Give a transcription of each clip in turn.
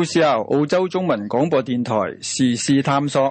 澳視澳洲中文廣播電台時事探索。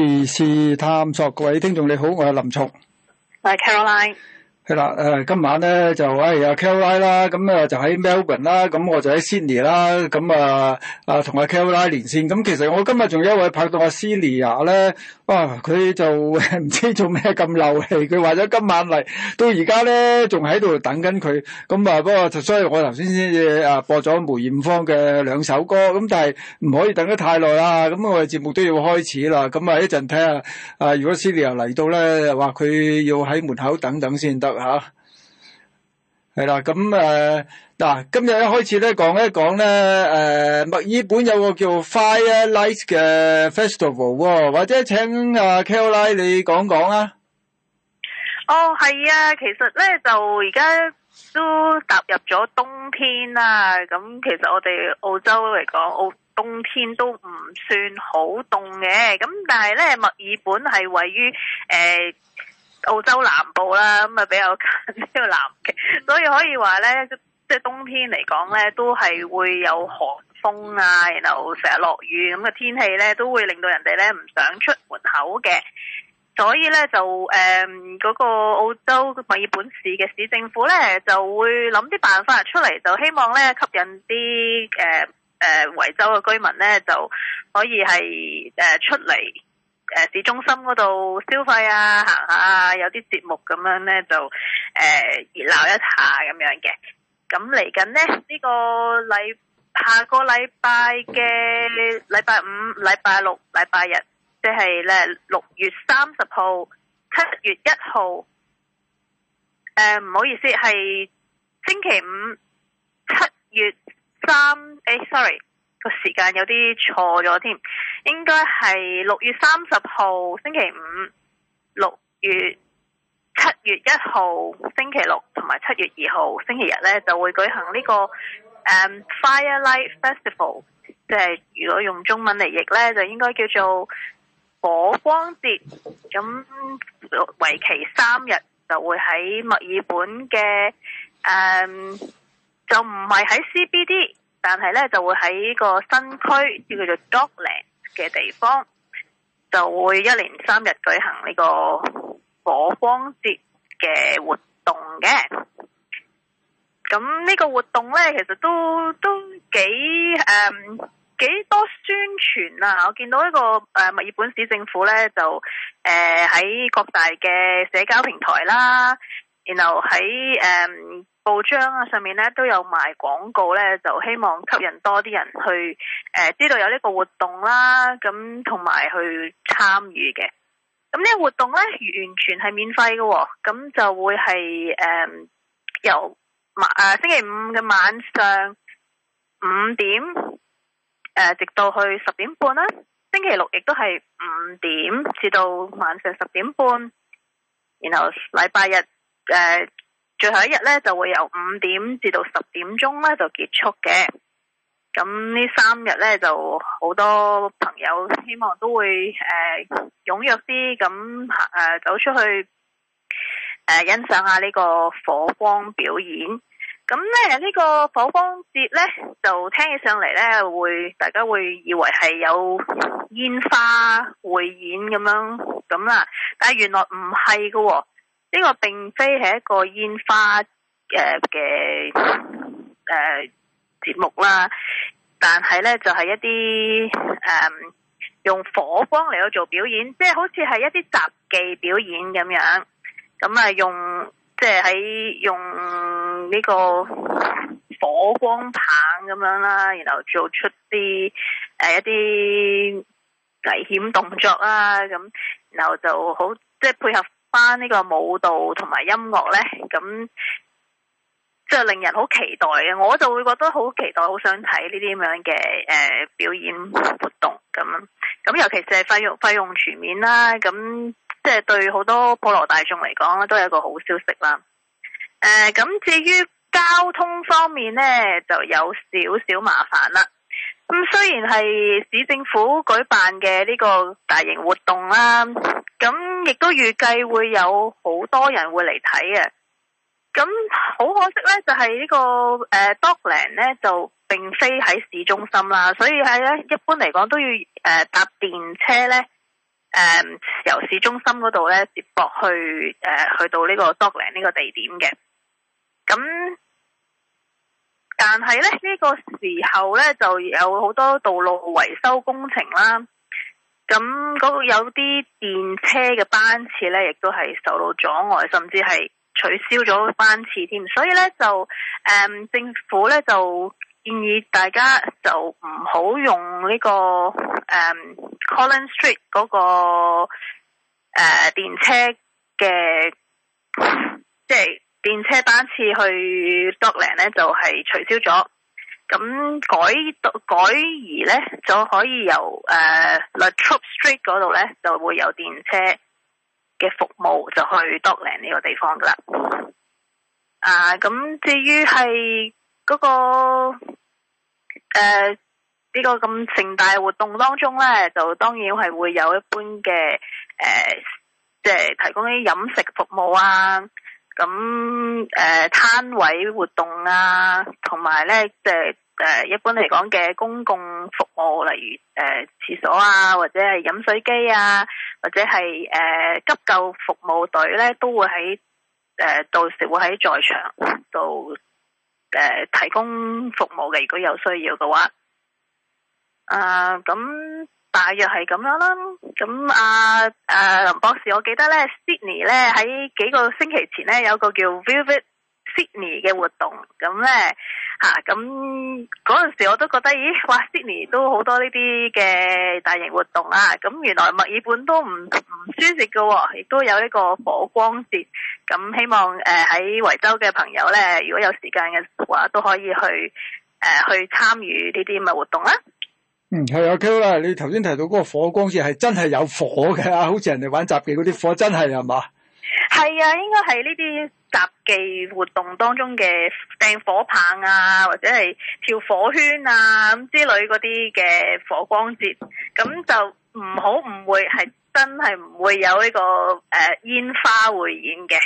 時事探索，各位聽眾你好，我係林松，我係 Caroline。係啦，誒、嗯，今晚咧就誒阿 k o l i n 啦，咁、嗯、啊就喺 Melbourne 啦，咁、嗯、我就喺 Sydney 啦，咁啊啊同阿 k o l i n 連線，咁、嗯、其實我今日仲有一位拍檔阿、啊、Cindy 啊咧，哇，佢就唔知做咩咁漏氣，佢話咗今晚嚟，到而家咧仲喺度等緊佢，咁、嗯、啊、嗯、不過，就所以我頭先先誒播咗梅艷芳嘅兩首歌，咁、嗯、但係唔可以等得太耐啦，咁、嗯、我哋節目都要開始啦，咁啊一陣睇下，啊如果 Cindy 又嚟到咧，話佢要喺門口等等先得。吓，係啦，咁誒，嗱，今日一開始咧講一講咧，誒，墨爾本有個叫 Firelight 嘅 Festival 喎，或者請阿 Kellie 你講講啦。哦，係啊，其實咧就而家都踏入咗冬天啦，咁其實我哋澳洲嚟講，澳冬天都唔算好凍嘅，咁但係咧墨爾本係位於誒，澳洲南部啦，咁啊比較近呢個 南極，所以可以話咧，即係冬天嚟講咧，都係會有寒風啊，然後成日落雨咁嘅、那個、天氣咧，都會令到人哋咧唔想出門口嘅。所以咧就誒，嗰、嗯那個澳洲墨爾本市嘅市政府咧，就會諗啲辦法出嚟，就希望咧吸引啲誒誒維州嘅居民咧就可以係誒、呃、出嚟。誒市中心嗰度消費啊，行下啊，有啲節目咁樣咧就誒熱鬧一下咁樣嘅。咁嚟緊咧呢、呢個禮下個禮拜嘅禮拜五、禮拜六、禮拜日，即係咧六月三十號七月一號。誒、呃、唔好意思，係星期五七月三、哎，誒 sorry。個時間有啲錯咗添，應該係六月三十號星期五、六月七月一號星期六同埋七月二號星期日呢，就會舉行呢、呢個、um, Firelight Festival，即係如果用中文嚟譯呢，就應該叫做火光節。咁為期三日，就會喺墨爾本嘅、um, 就唔係喺 CBD。但係咧，就會喺個新區，叫叫做 Docklands 嘅地方，就會一連三日舉行呢個火光節嘅活動嘅。咁呢個活動咧，其實都都幾誒幾多宣傳啊！我見到一個誒墨、呃、爾本市政府咧，就誒喺、呃、各大嘅社交平台啦，然後喺誒。嗯報章啊，上面咧都有賣廣告咧，就希望吸引多啲人去誒、呃，知道有呢個活動啦。咁同埋去參與嘅。咁、嗯、呢、這個活動咧完全係免費嘅、哦，咁、嗯、就會係誒、呃、由晚誒、啊、星期五嘅晚上五點誒、呃，直到去十點半啦、啊。星期六亦都係五點至到晚上十點半，然後禮拜日誒。呃最後一日咧就會由五點至到十點鐘咧就結束嘅，咁呢三日咧就好多朋友希望都會誒、呃、踴躍啲咁誒走出去誒、呃、欣賞下呢個火光表演。咁咧呢、呢個火光節咧就聽起上嚟咧會大家會以為係有煙花匯演咁樣咁啦，但係原來唔係噶。呢個並非係一個煙花誒嘅誒節目啦，但係呢就係、是、一啲誒、呃、用火光嚟到做表演，即係好似係一啲雜技表演咁樣，咁啊用即係喺用呢個火光棒咁樣啦，然後做出啲誒一啲、呃、危險動作啦。咁，然後就好即係配合。翻呢個舞蹈同埋音樂呢，咁即係令人好期待嘅，我就會覺得好期待，好想睇呢啲咁樣嘅誒、呃、表演活動咁樣。咁尤其是係費用費用全面啦，咁即係對好多普羅大眾嚟講咧都係一個好消息啦。誒、呃，咁至於交通方面呢，就有少少麻煩啦。咁雖然係市政府舉辦嘅呢個大型活動啦，咁亦都預計會有好多人會嚟睇嘅。咁好可惜呢，就係、是這個呃、呢個誒 Dockland 咧，就並非喺市中心啦，所以係咧一般嚟講都要誒、呃、搭電車呢，誒、呃、由市中心嗰度呢接駁去誒、呃、去到呢個 Dockland 呢個地點嘅。咁但係咧，呢、這個時候呢，就有好多道路維修工程啦，咁、嗯、嗰、那個、有啲電車嘅班次呢，亦都係受到阻礙，甚至係取消咗班次添。所以呢，就，誒、嗯，政府呢，就建議大家就唔好用呢、這個誒、嗯、Colin Street 嗰、那個誒、呃、電車嘅，即、就、係、是。電車班次去 Docklands 咧，就係、是，取消咗，咁改改而咧，就可以由誒、呃、La Trobe Street 嗰度，咧，就會有電車嘅服務就去 Docklands 呢個地方噶啦。啊、呃，咁至於係嗰個誒呢、呃這個咁盛大活動當中咧，就當然係會有一般嘅誒、呃、即係提供啲飲食服務啊。咁誒、呃、攤位活動啊，同埋咧即係誒一般嚟講嘅公共服務，例如誒、呃、廁所啊，或者係飲水機啊，或者係誒、呃、急救服務隊咧，都會喺誒、呃、到時會喺在，在場度誒、呃、提供服務嘅，如果有需要嘅話，啊、呃、咁。大約係咁樣啦，咁阿誒林博士，我記得呢 Sydney 呢，喺幾個星期前呢，有個叫 Vivid Sydney 嘅活動，咁呢，吓、啊，咁嗰陣時我都覺得，咦，哇，Sydney 都好多呢啲嘅大型活動啊，咁原來墨爾本都唔唔舒適噶、哦，亦都有一個火光節，咁希望誒喺維州嘅朋友呢，如果有時間嘅話，都可以去誒、呃、去參與呢啲咁嘅活動啦、啊。嗯，係啊 Q 啦！Ale，你頭先提到嗰個火光節係真係有火嘅，好似人哋玩雜技嗰啲火真係係嘛？係啊，應該係呢啲雜技活動當中嘅掟火棒啊，或者係跳火圈啊咁之類嗰啲嘅火光節，咁就唔好唔會係真係唔會有呢個誒煙花匯演嘅。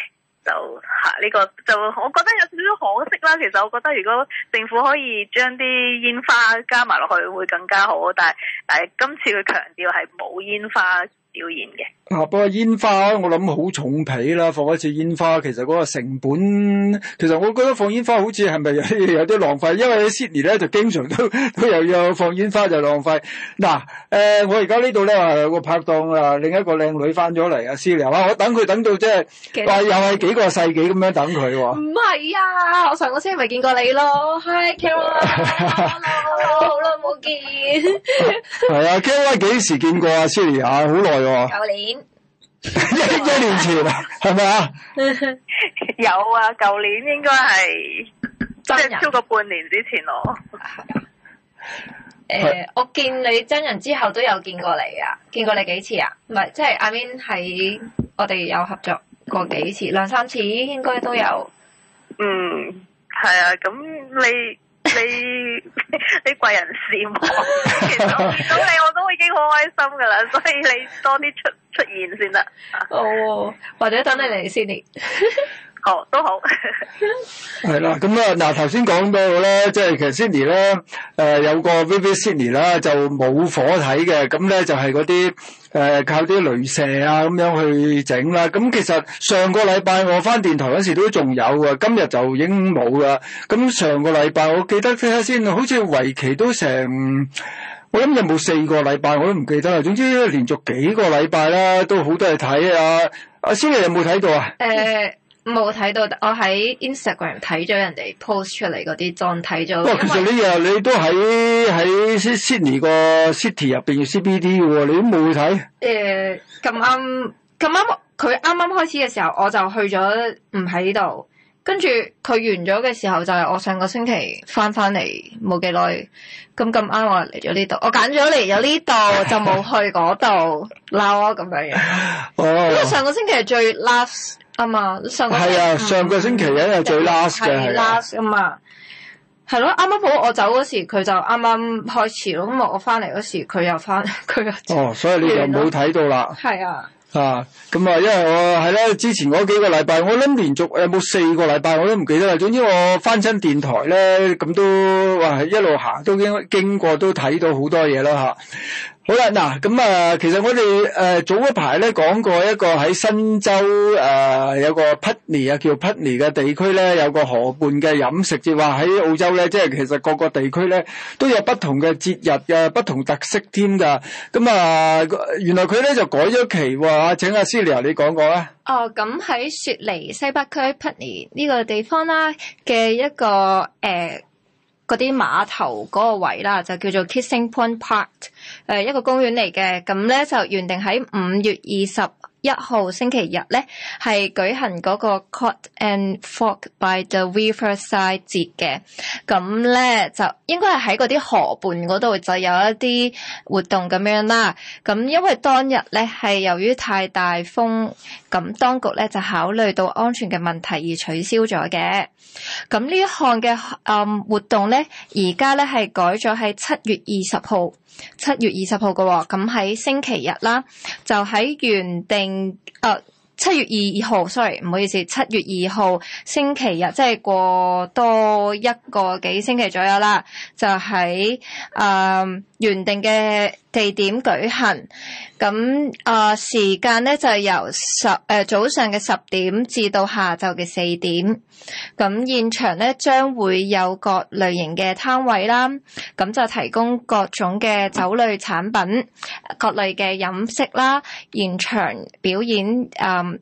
就吓呢個就，我覺得有少少可惜啦。其實我覺得如果政府可以將啲煙花加埋落去，會更加好。但係但係今次佢強調係冇煙花。表演嘅。嗱，不過煙花、啊、我諗好重皮啦，放一次煙花，其實嗰個成本，其實我覺得放煙花好似係咪有啲浪費，因為 Sydney 咧就經常都 都又要放煙花就浪費。嗱，誒、呃，我而家呢度咧有個拍檔啊，另一個靚女翻咗嚟啊，Siri 啊，我等佢等到即係話又係幾個世紀咁樣等佢喎。唔係啊，我上個星期咪見過你咯 ，Hi，Kimo，hello、啊、 好耐冇見。係 啊，Kimo 幾時見過啊，Siri 啊，好耐。舊年 一年前啊，係咪啊？有啊，舊年應該係即係超過半年之前咯、 呃。係啊。誒，我見你真人之後都有見過你啊，見過你幾次啊？唔係，即係 I mean 喺我哋有合作過幾次，兩三次應該都有。嗯，係啊，咁你。 你你貴人羨慕， 其實我見到你我都已經好開心噶啦，所以你多啲出出現先得， 哦，或者等你嚟 ，Sydney， 哦都好，係 啦， 咁啊，嗱頭先講到咧，即係其實 Sydney 咧、呃，誒有個 Vivid Sydney 啦、呃，就冇火睇嘅，咁咧就係嗰啲。誒、呃、靠啲雷射啊咁樣去整啦、啊，咁、嗯、其實上個禮拜我返電台嗰時都仲有啊，今日就已經冇啦。咁、嗯、上個禮拜我記得睇下先，好似為期都成，我諗有冇四個禮拜我都唔記得啦。總之連續幾個禮拜啦，都好多嘢睇啊。阿思睿有冇睇到啊？誒、欸。冇睇到，我喺 Instagram 睇咗人哋 post 出嚟嗰啲妝，睇咗。哦、為其實你又你都喺喺 Sydney 個 city 入邊 CBD 嘅，你都冇睇。誒，咁啱咁啱，佢啱啱開始嘅時候，我就去咗，唔喺度。跟住佢完咗嘅時候，就係、是、我上個星期翻翻嚟，冇幾耐。咁咁啱我嚟咗呢度，我揀咗嚟有呢度， 就冇去嗰度鬧啊。咁樣嘅。 哦，因為上個星期最 last。啊嘛，上係啊，上個星期日係、啊嗯、最 last 嘅，last 啊嘛，係咯、啊，啱啱好我走嗰時佢就啱啱開始咯，咁我我翻嚟嗰時佢又翻佢又走哦，所以你又冇睇到啦，係啊，啊，咁啊，因為我係咧、啊、之前嗰幾個禮拜，我諗連續有冇、嗯、四個禮拜我都唔記得啦。總之我翻親電台咧，咁都哇一路行都經經過都睇到好多嘢啦吓。啊好啦，嗱咁啊，其實我哋誒、呃、早一排咧講過一個喺新州誒、呃、有個 Putney 啊，叫 Putney 嘅地區咧，有個河畔嘅飲食節，話喺澳洲咧，即係其實各個地區咧都有不同嘅節日嘅、啊、不同特色添噶。咁、嗯、啊、呃，原來佢咧就改咗期喎，請阿、啊、Celia 你講講啦。哦，咁喺雪梨西北區 Putney 呢個地方啦嘅一個誒。呃嗰啲碼頭嗰個位啦，就叫做 Kissing Point Park，誒，一個公園嚟嘅。咁咧就原定喺五月二十一號星期日咧，係舉行嗰個 Cork and Fork by the Riverside 節嘅，咁咧就應該係喺嗰啲河畔嗰度就有一啲活動咁樣啦。咁因為當日咧係由於太大風，咁當局咧就考慮到安全嘅問題而取消咗嘅。咁呢一項嘅誒、嗯、活動咧，而家咧係改咗喺七月二十號。七月二十號嘅喎，咁喺星期日啦，就喺原定誒七月、呃、二號，sorry 唔好意思，七月二號星期日，即係過多一個幾星期左右啦，就喺誒、呃、原定嘅。四點舉行，咁啊、呃、時間咧就係由十誒、呃、早上嘅十點至到下晝嘅四點，咁現場咧將會有各類型嘅攤位啦，咁就提供各種嘅酒類產品、各類嘅飲食啦，現場表演誒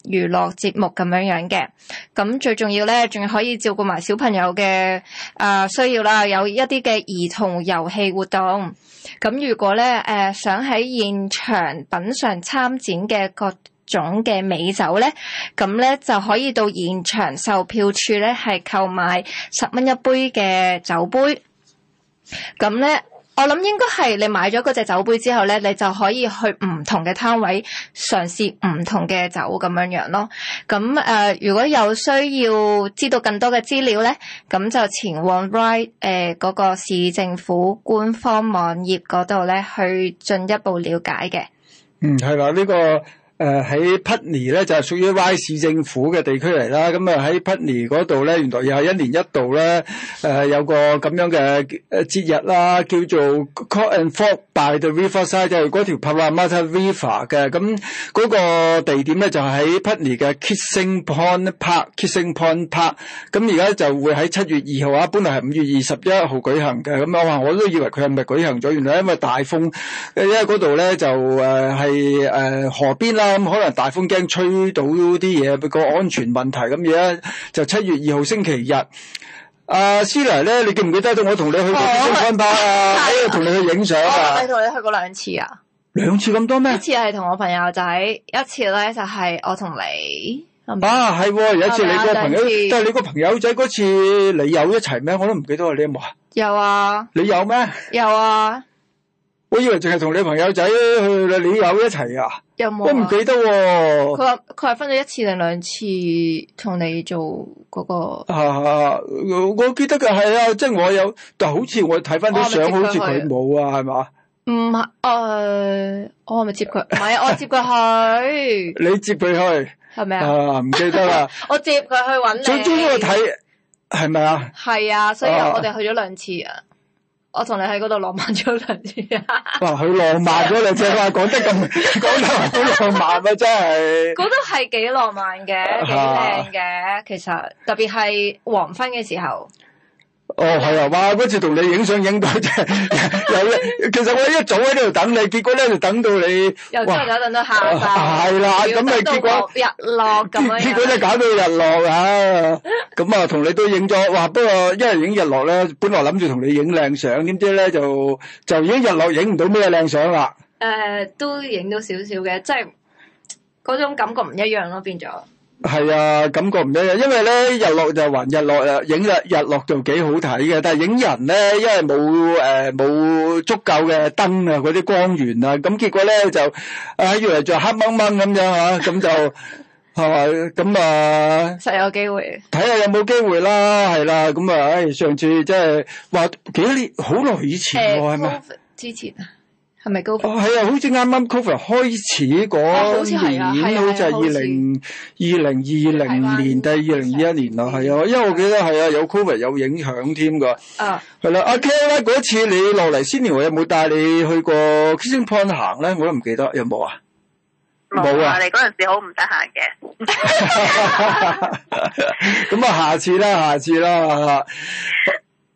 娛樂節目咁樣樣嘅，咁最重要咧仲可以照顧埋小朋友嘅誒、呃、需要啦，有一啲嘅兒童遊戲活動。咁如果咧，誒、呃，想喺現場品嘗參展嘅各種嘅美酒咧，咁咧就可以到現場售票處咧，係購買十蚊一杯嘅酒杯，咁咧。我諗應該係你買咗嗰隻酒杯之後咧，你就可以去唔同嘅攤位嘗試唔同嘅酒咁樣樣咯。咁誒、呃，如果有需要知道更多嘅資料咧，咁就前往 Ryde 誒、呃、嗰、那個市政府官方網頁嗰度咧去進一步了解嘅。嗯，係啦，呢、這個。誒，喺 Putney 咧就係屬於 Ryde 市政府嘅地區嚟啦，咁啊喺 Putney 度咧，原來又係一年一度咧，誒、呃、有個咁樣嘅誒節日啦，叫做 Call and Fork by the Riverside，就係條 Parramatta River 嘅，咁、嗯那個地點咧就喺、是、Putney 嘅 Kissing Point Park，Kissing Point Park，咁而家就會喺七月二號啊，本來係五月二十一號舉行嘅，咁、嗯、啊，我都以為佢係咪舉行咗，原來因為大風，因為度咧就誒係誒河邊啦。嗯、可能大風驚吹到啲嘢，不過安全問題咁樣，就七月二號星期日。阿思嚟咧，你記唔記得到我同你去過結婚吧同你去影相啊？哎、我同你去過兩次啊？兩次咁多咩？一次係同我朋友仔，一次咧就係我同你。啊，係，有一次你個朋友，但係你，朋但你個朋友仔嗰次你有一齊咩？我都唔記得啦，你有冇啊？有啊。你有咩？有啊。有啊，我以為淨係同你朋友仔去，你有一齊啊。有冇？我唔記得喎。佢話佢係分咗一次定兩次同你做嗰個。啊，我記得嘅係啊，即係我有，但好似我睇翻啲相，好似佢冇啊，係嘛？唔係誒，我係咪接佢？唔係， 我接佢去。 你接佢去係咪 嗎啊？唔記得啦。 我接佢去搵你。 最終我睇係咪啊？係啊，所以我哋去咗兩次啊。 我同你喺嗰度浪漫咗兩日。哇！佢浪漫咗兩日啊，講 得咁講得好浪漫啊，真係。嗰度係幾浪漫嘅，幾靚嘅。啊、其實特別係黃昏嘅時候。哦，係啊！哇，嗰次同你影相影到即係， 其實我一早喺呢度等你，結果咧就等到你又真等咗，等到下午，係啦，咁你結果日落咁樣， 結果咧搞到日落啊！咁 啊，同你都影咗，哇！不過因為影日落咧，本來諗住同你影靚相，點知咧就就已經日落，影唔到咩靚相啦。誒，都影到少少嘅，即係嗰種感覺唔一樣咯，變咗。係啊，感覺唔一樣，因為咧日落就還日落啦，影日日落就幾好睇嘅，但係影人咧，因為冇誒冇足夠嘅燈啊，嗰啲光源啊，咁結果咧就啊，原來就黑掹掹咁樣啊，咁就係嘛，咁啊，實有機會，睇下有冇機會啦，係啦，咁啊，上次即係話幾年好耐以前喎，係咪？之前。係咪高 o 係啊，好似啱啱 Covid 開始嗰年，好似係二零二零二零年定二零二一年啊？係啊，因為我記得係啊，有 Covid 有影響添㗎。啊，係啦，阿 K 咧嗰次你落嚟先年，有冇帶你去過 Kissing Point 行咧？我都唔記得有冇啊。冇啊！你嗰陣時好唔得閒嘅。咁啊，下次啦，下次啦。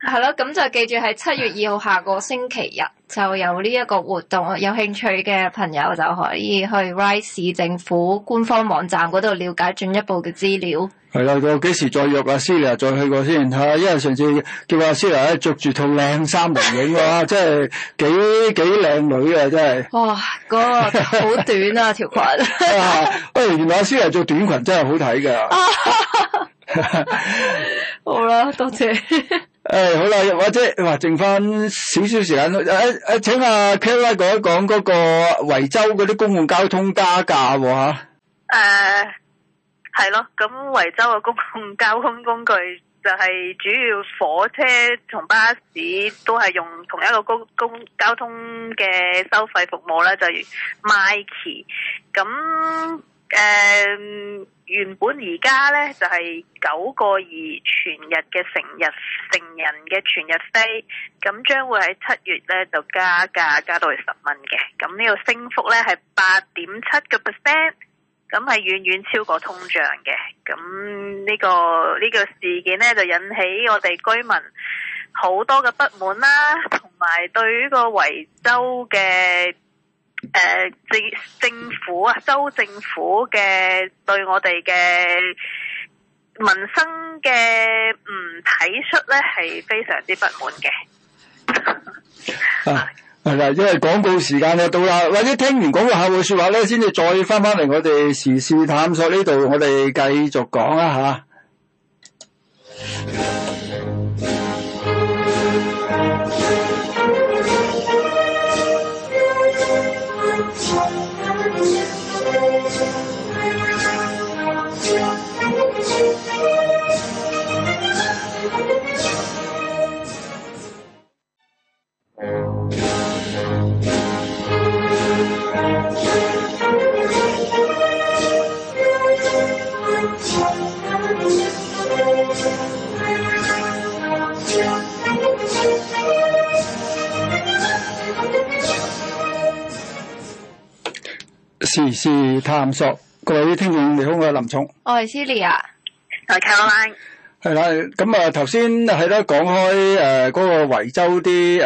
係咯，咁就記住係七月二號下個星期日就有呢一個活動，有興趣嘅朋友就可以去 rice 市政府官方網站嗰度了解進一步嘅資料。係啦，我幾時再約阿思良再去過先吓？因為上次叫阿思良着住套靚衫嚟影啊，真係幾幾靚女啊，真係。哇，嗰個好短啊條裙。喂、 哎，原來阿思良着短裙真係好睇噶。 好啦，多謝、謝。誒、哎，好啦，或者，哇，剩翻少少時間，誒、哎、誒、哎，請阿 Kelly 講一講嗰個維州嗰啲公共交通加價喎吓。誒、uh，係咯，咁維州嘅公共交通工具就係主要火車同巴士都係用同一個公公交通嘅收費服務啦，就如、是、Myki 咁誒。Uh, 原本而家呢，就係、是、九個二全日嘅成日成人嘅全日飛，咁將會喺七月呢就加價加，加到去十蚊嘅，咁呢個升幅呢係八點七個 percent，咁係遠遠超過通脹嘅。咁呢、這個呢、這個事件呢，就引起我哋居民好多嘅不滿啦，同埋對於個維州嘅。誒、呃，政政府啊，州政府嘅，對我哋嘅民生嘅唔體恤咧，係非常之不滿嘅。 啊，係啦，因為廣告時間就到啦，或者聽完廣告後嘅說話咧，先至再翻翻嚟，我哋時事探索呢度，我哋繼續講啦吓。 時事探索，各位聽眾，你好，我係林聰，我係 Silia，我係 Caroline。係啦，咁啊，頭先係咯，講開誒嗰個維州啲誒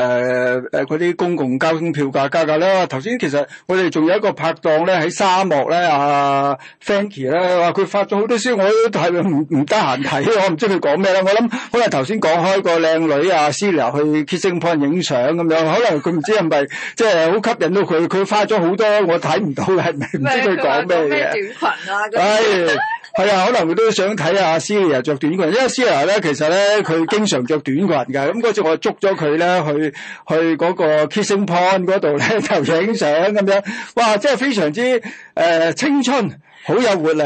誒嗰啲公共交通票價價格啦。頭先其實我哋仲有一個拍檔咧喺沙漠咧，啊 Fancy 咧話佢發咗好多書，我都係唔唔得閒睇，我唔知佢講咩啦。我諗可能頭先講開個靚女啊，Sila 去 Kissing Point 影相咁樣，可能佢唔知係咪即係好吸引到佢，佢發咗好多我睇唔到係咪唔知佢講咩嘅。短裙啊？係、哎。係啊，可能佢都想睇下 Celia 着短裙，因為 Celia 咧其實咧佢經常着短裙嘅，咁嗰次我捉咗佢咧去去嗰個 Kissing Point 嗰度咧，就影相咁樣，哇，即係非常之誒、呃、青春，好有活力。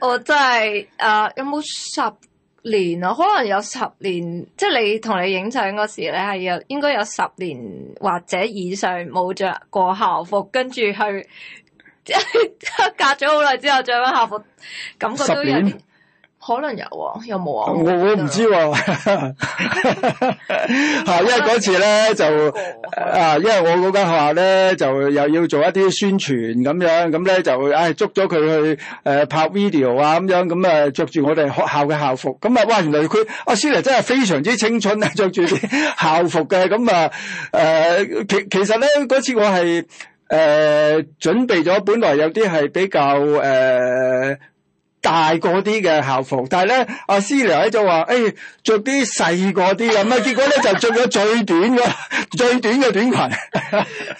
我真係誒，有冇十年啊？可能有十年，即係你同你影相嗰時，你係有應該有十年或者以上冇着過校服，跟住去。即係 隔咗好耐之後，着翻校服，感覺都十年可能有、啊，有冇啊？我我唔知喎，吓，因為嗰次咧就 啊，因為我嗰間學校咧就又要做一啲宣傳咁樣，咁咧就唉捉咗佢去誒、呃、拍 video 啊，咁樣咁啊着住我哋學校嘅校服，咁啊哇，原來佢阿 Sir 真係非常之青春啊，着住校服嘅，咁啊誒，其其實咧嗰次我係。誒、呃、準備咗，本來有啲係比較誒、呃、大個啲嘅校服，但係咧阿思娘咧就話，誒着啲細個啲嘅，咁啊結果咧就着咗最短嘅， 最短嘅短裙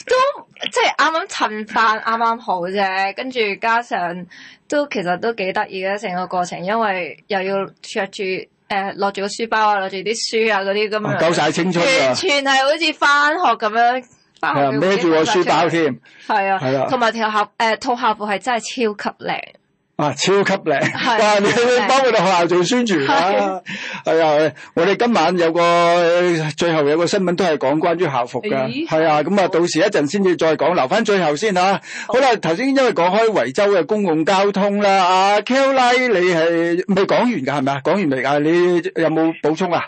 都。都即係啱啱襯返剛剛，啱啱好啫。跟住加上都其實都幾得意嘅成個過程，因為又要着住誒攞住個書包啊，攞住啲書啊嗰啲咁嘛，唔夠曬青春啊！完全係好似翻學咁樣。係啊，孭住個書包添，係啊，係啦、啊，同埋條校誒套、呃、校服係真係超級靚，啊超級靚，級哇！你幫我哋學校做宣傳係啊,是啊，我哋今晚有個最後有個新聞都係講關於校服噶，係啊，咁啊,啊到時一陣先至再講，留翻最後先吓、啊。好啦，頭先好因為講開維州嘅公共交通啦，啊 Kelly，你係未講完噶係咪啊？講完未啊？你有冇補充啊？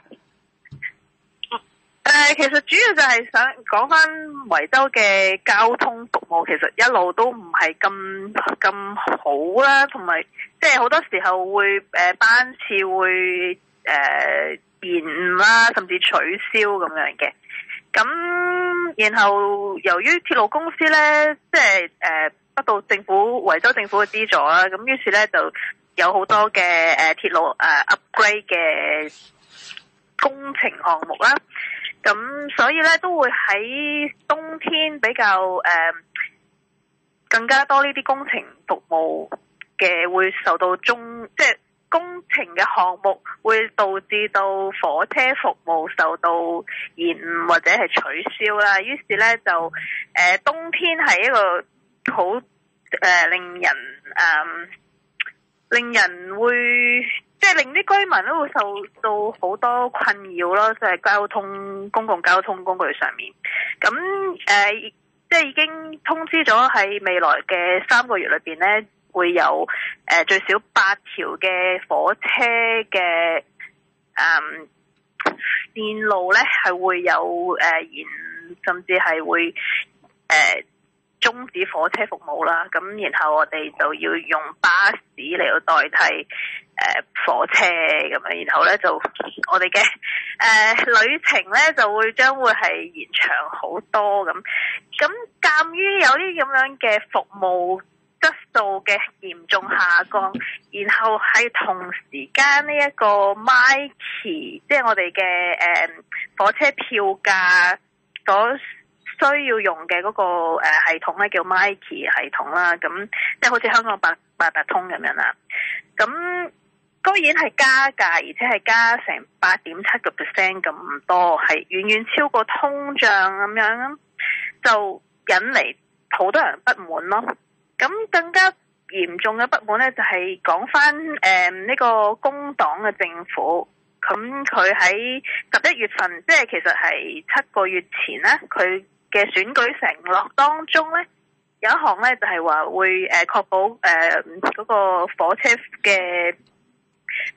誒、呃，其實主要就係想講翻維州嘅交通服務，其實一路都唔係咁咁好啦，同埋即係好多時候會誒、呃、班次會誒、呃、延誤啦，甚至取消咁樣嘅。咁然後由於鐵路公司咧，即係誒得到政府維州政府嘅資助啦，咁於是咧就有好多嘅誒鐵路誒、呃、upgrade 嘅工程項目啦。咁所以咧，都會喺冬天比較誒、呃、更加多呢啲工程服務嘅會受到中，即係工程嘅項目會導致到火車服務受到延誤或者係取消啦。於是咧就誒、呃、冬天係一個好誒、呃、令人誒、呃、令人會。即係令啲居民都會受到好多困擾咯，即、就、係、是、交通公共交通工具上面。咁誒、呃，即係已經通知咗喺未來嘅三個月裏邊咧，會有誒、呃、最少八條嘅火車嘅嗯線路咧，係會有誒延、呃，甚至係會誒。呃中止火車服務啦，咁然後我哋就要用巴士嚟到代替誒、呃、火車咁樣，然後咧就我哋嘅誒旅程咧就會將會係延長好多咁。咁鑑於有啲咁樣嘅服務質素嘅嚴重下降，然後喺同時間呢一個 Myki，即係我哋嘅誒火車票價需要用嘅嗰個系統咧，叫 Myki 系統啦，咁、嗯、即係好似香港八達通咁樣啦。咁、嗯、當然係加價，而且係加成八點七個 percent 咁多，係遠遠超過通脹咁樣，就引嚟好多人不滿咯。咁、嗯、更加嚴重嘅不滿咧，就係、是、講翻誒呢個工黨嘅政府，咁佢喺十一月份，即係其實係七個月前咧，佢。嘅選舉承諾當中咧，有一項咧就係、是、話會誒確保誒嗰、呃那個火車嘅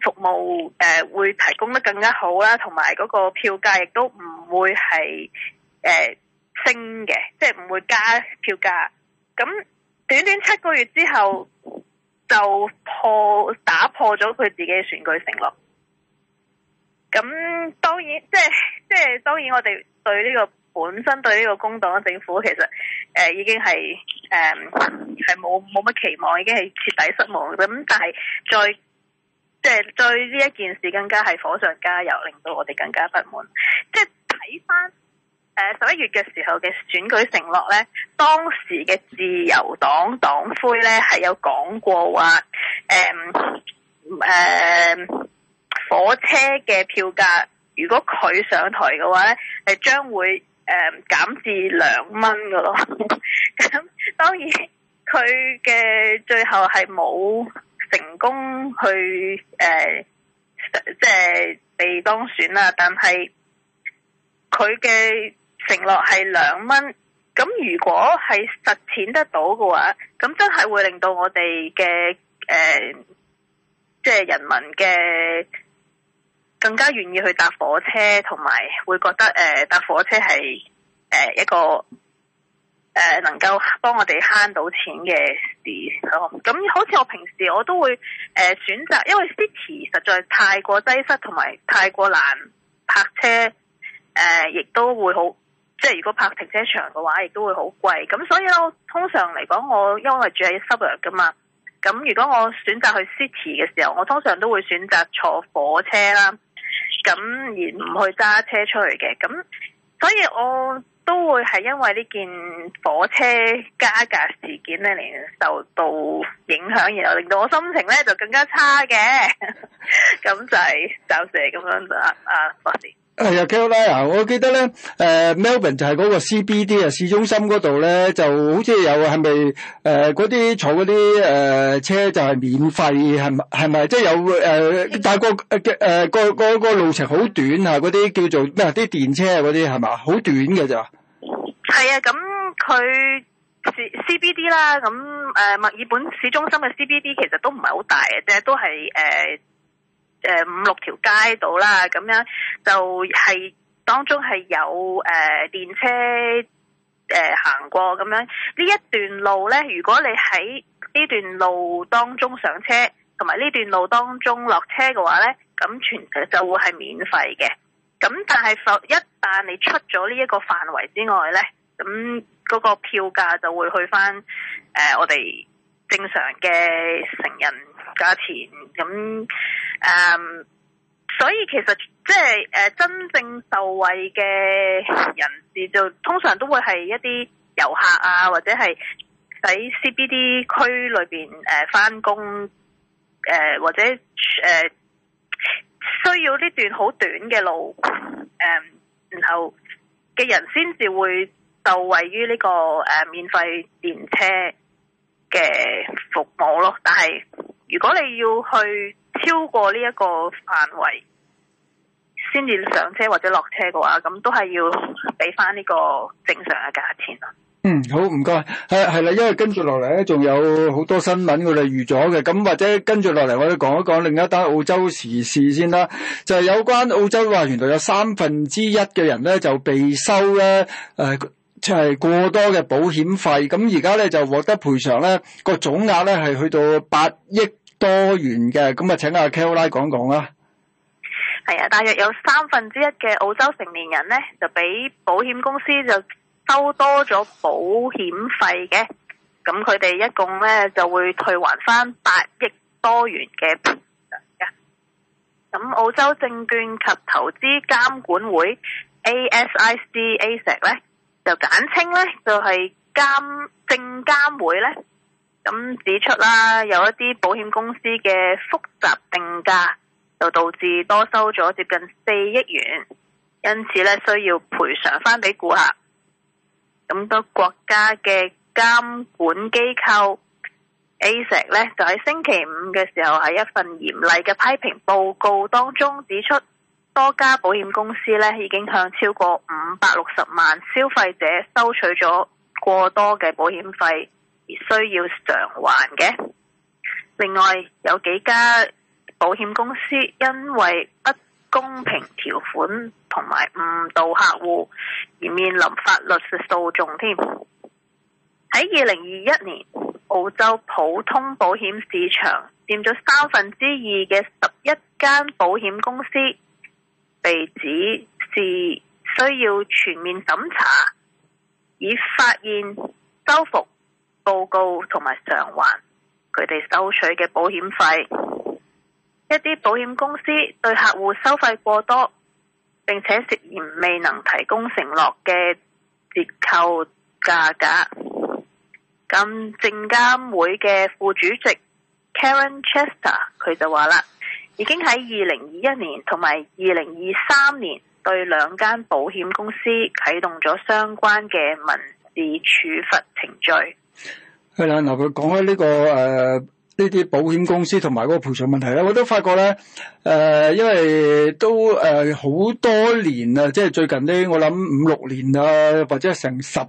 服務誒、呃、會提供得更加好啦，同埋嗰個票價亦都唔會係誒、呃、升嘅，即係唔會加票價。咁短短七個月之後就破打破咗佢自己嘅選舉承諾。咁當然即係即係當然，即即當然我哋對呢、這個。本身對呢個工黨政府其實誒、呃、已經係誒係冇冇乜期望，已經係徹底失望。咁但係再即係對呢一件事更加係火上加油，令到我哋更加不滿。即係睇翻誒十一月嘅時候嘅選舉承諾咧，當時嘅自由黨黨魁咧係有講過話誒誒、呃呃、火車嘅票價，如果佢上台嘅話咧係將會。誒，減、um, 至兩蚊㗎囉，咁 當然佢嘅最後係冇成功去誒、呃，即係被當選啦。但係佢嘅承諾係兩蚊，咁如果係實踐得到嘅話，咁真係會令到我哋嘅誒，即係人民嘅。更加願意去搭火車，同埋會覺得誒搭、呃、火車係誒、呃、一個誒、呃、能夠幫我哋慳到錢嘅事咯。咁好似我平時我都會誒、呃、選擇，因為 city 實在太過擠塞，同埋太過難泊車。誒、呃、亦都會好，即係如果泊停車場嘅話，亦都會好貴。咁所以咧，通常嚟講，我因為我住喺 Shibuya 噶嘛，咁如果我選擇去 city 嘅時候，我通常都會選擇坐火車啦。咁而唔去揸車出去嘅，咁所以我都會係因為呢件火車加價事件咧，嚟受到影響，然後令到我心情咧就更加差嘅，咁、 嗯、就係找蛇咁樣啦，啊,啊,啊,啊係啊 q u e e 啊，我記得咧，誒、呃、，Melbourne 就係嗰個 CBD 啊，市中心嗰度咧，就好似有係咪？誒，嗰、呃、啲坐嗰啲誒車就係免費，係咪？係咪？即係有誒、呃，但、那個誒、呃、個個個，個路程好短啊，嗰啲叫做咩？啲電車啊，嗰啲係嘛？好短嘅咋？係啊，咁佢 CBD 啦，咁誒墨爾本市中心嘅 CBD 其實都唔係好大嘅啫，都係誒。呃誒、呃，五六條街度啦，咁樣就係、是、當中係有誒、呃、電車誒、呃、行過，咁樣呢一段路呢，如果你喺呢段路當中上車，同埋呢段路當中落車嘅話呢，咁全就會係免費嘅。咁但係一旦你出咗呢一個範圍之外呢，咁嗰個票價就會去翻誒、呃、我哋正常嘅成人。價錢咁誒、嗯，所以其實即係誒，真正受惠嘅人士就通常都會係一啲遊客啊，或者係喺 CBD 區裏邊誒返工誒，或者誒、呃、需要呢段好短嘅路誒、嗯，然後嘅人先至會受惠於呢、這個誒、呃、免費電車嘅服務咯，但係。如果你要去超過呢一個範圍先至上車或者落車嘅話，咁都係要俾翻呢個正常嘅價錢咯。嗯，好唔該，係係啦，因為跟住落嚟咧，仲有好多新聞我哋預咗嘅，咁或者跟住落嚟我哋講一講另一單澳洲時事先啦。就係、是、有關澳洲話，原來有三分之一嘅人咧就被收咧誒，即、呃、係、就是、過多嘅保險費。咁而家咧就獲得賠償咧，個總額咧係去到八億。多元嘅，咁啊，請阿 Kelly 講講啦。係啊，大約有三分之一嘅澳洲成年人咧，就俾保險公司就收多咗保險費嘅，咁佢哋一共咧就會退還返八億多元嘅賠償嘅。咁澳洲證券及投資監管會 ASIC，ASIC 咧 AS 就簡稱咧就係、是、監證監會咧。咁指出啦，有一啲保險公司嘅複雜定價，就導致多收咗接近四億元，因此咧需要賠償翻俾顧客。咁多國家嘅監管機構 ASIC 咧，A C，就喺星期五嘅時候喺一份嚴厲嘅批評報告當中指出，多家保險公司咧已經向超過五百六十萬消費者收取咗過多嘅保險費。而需要償還嘅。另外，有幾家保險公司因為不公平條款同埋誤導客戶而面臨法律嘅訴訟添。喺二零二一年，澳洲普通保險市場佔咗三分之二嘅十一間保險公司被指示需要全面審查，以發現修復。報告同埋償還佢哋收取嘅保險費，一啲保險公司對客戶收費過多，並且涉嫌未能提供承諾嘅折扣價格。咁，證監會嘅副主席 Karen Chester 佢就話啦，已經喺二零二一年同埋二零二三年對兩間保險公司啟動咗相關嘅民事處罰程序。係啦，嗱、嗯，佢講開呢、呢個誒呢啲保險公司同埋嗰個賠償問題咧，我都發覺咧誒、呃，因為都誒好、呃、多年啦，即係最近咧，我諗五六年啊，或者成十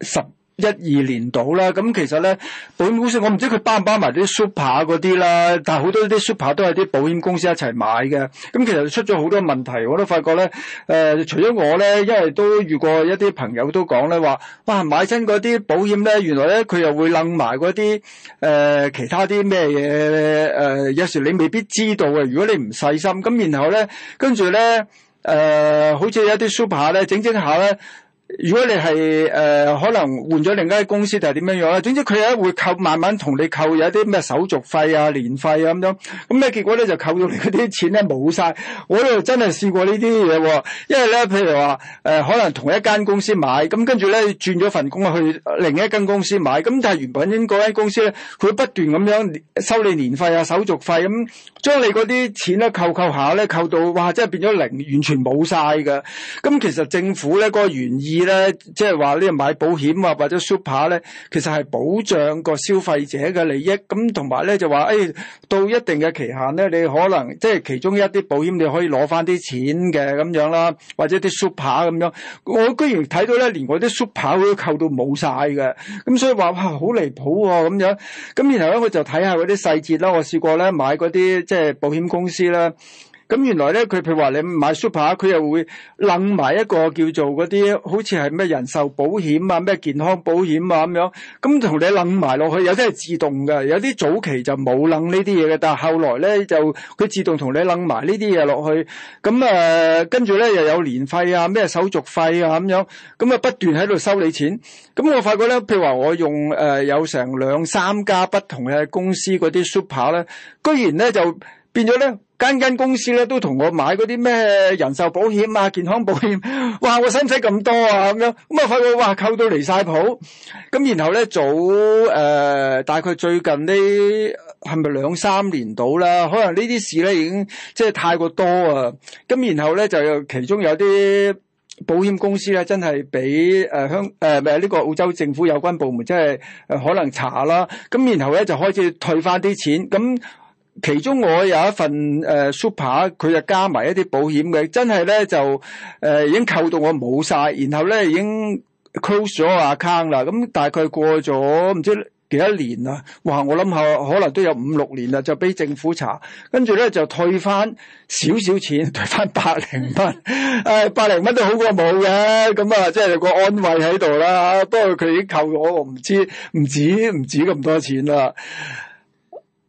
十。一二年度啦，咁其實咧，保險公司我唔知佢包唔包埋啲 super 嗰啲啦，但係好多啲 super 都係啲保險公司一齊買嘅。咁其實出咗好多問題，我都發覺咧，誒、呃，除咗我咧，因為都遇過一啲朋友都講咧話，哇，買親嗰啲保險咧，原來咧佢又會掹埋嗰啲誒其他啲咩嘢誒，有時你未必知道嘅，如果你唔細心。咁然後咧，跟住咧，誒、呃，好似有啲 super 咧，整整下咧。如果你係誒、呃、可能換咗另一間公司定係點樣樣咧，總之佢咧會扣慢慢同你扣有一啲咩手續費啊、年費啊咁樣，咁、嗯、咧結果咧就扣到你嗰啲錢咧冇晒。我咧真係試過呢啲嘢喎，因為咧譬如話誒、呃、可能同一間公司買，咁跟住咧轉咗份工去另一間公司買，咁、嗯、但係原本嗰間公司咧，佢不斷咁樣收你年費啊、手續費，咁、嗯、將你嗰啲錢咧扣扣下咧扣到哇，真係變咗零，完全冇晒㗎。咁、嗯、其實政府咧嗰個原意。以咧，即係話呢、就是、買保險啊，或者 super 咧，其實係保障個消費者嘅利益。咁同埋咧就話，誒、哎、到一定嘅期限咧，你可能即係、就是、其中一啲保險你可以攞翻啲錢嘅咁樣啦，或者啲 super 咁樣。我居然睇到咧，連我啲 super 都扣到冇晒嘅。咁所以話哇，好離譜喎、啊、咁樣。咁然後咧，佢就睇下嗰啲細節啦。我試過咧買嗰啲即係保險公司咧。咁原來咧，佢譬如話你買 Super，佢又會擸埋一個叫做嗰啲，好似係咩人壽保險啊、咩健康保險啊咁樣，咁同你擸埋落去，有啲係自動嘅，有啲早期就冇擸呢啲嘢嘅，但係後來咧就佢自動同你擸埋呢啲嘢落去，咁誒跟住咧又有年費啊、咩手續費啊咁樣，咁啊不斷喺度收你錢。咁我發覺咧，譬如話我用誒、呃、有成兩三家不同嘅公司嗰啲 Super 咧，居然咧就～變咗咧，間間公司咧都同我買嗰啲咩人壽保險啊、健康保險，哇！我使唔使咁多啊？咁樣咁啊，發覺哇，扣到離晒譜。咁然後咧，早誒、呃，大概最近呢係咪兩三年到啦？可能呢啲事咧已經即係太過多啊。咁然後咧，就其中有啲保險公司咧，真係俾誒香誒，唔、呃、呢、這個澳洲政府有關部門，即係誒、呃、可能查啦。咁、啊、然後咧就開始退翻啲錢咁。嗯其中我有一份誒 super，佢就加埋一啲保險嘅，真係咧就誒、呃、已經扣到我冇晒，然後咧已經 close 咗 account 啦。咁大概過咗唔知幾多年啦，哇！我諗下可能都有五六年啦，就俾政府查，跟住咧就退翻少少錢，退翻百零蚊。誒、 哎，百零蚊都好過冇嘅，咁啊，即係個安慰喺度啦。不過佢已經扣咗我，我唔知唔止唔止咁多錢啦。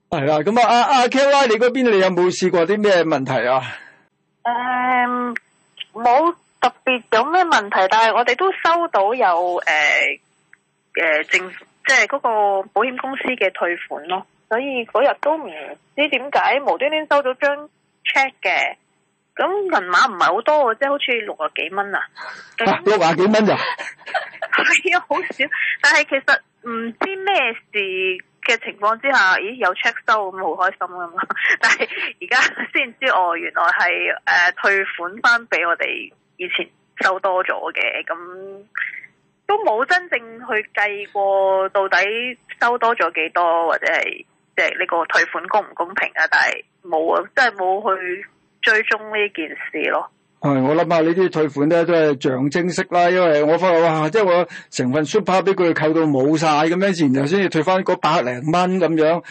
係啦，咁啊，阿、啊、阿 Kelly，你嗰邊你有冇試過啲咩問題啊？誒，um，冇特別有咩問題，但係我哋都收到有誒誒政，即係嗰個保險公司嘅退款咯。所以嗰日都唔知點解無端端收咗張 check 嘅，咁銀碼唔係好多，即係好似六啊幾蚊啊，六廿幾蚊咋？係啊，好少，但係其實唔知咩事。嘅情況之下，咦有 check 收咁好開心咁 但係而家先知哦，原來係誒、呃、退款翻俾我哋以前收多咗嘅，咁都冇真正去計過到底收多咗幾多，或者係即係呢個退款公唔公平啊？但係冇啊，即係冇去追蹤呢件事咯。係、嗯，我諗下呢啲退款咧都係象徵式啦，因為我發覺哇，即係我成份 super 俾佢扣到冇晒咁樣，自然就先要退翻嗰百零蚊咁樣。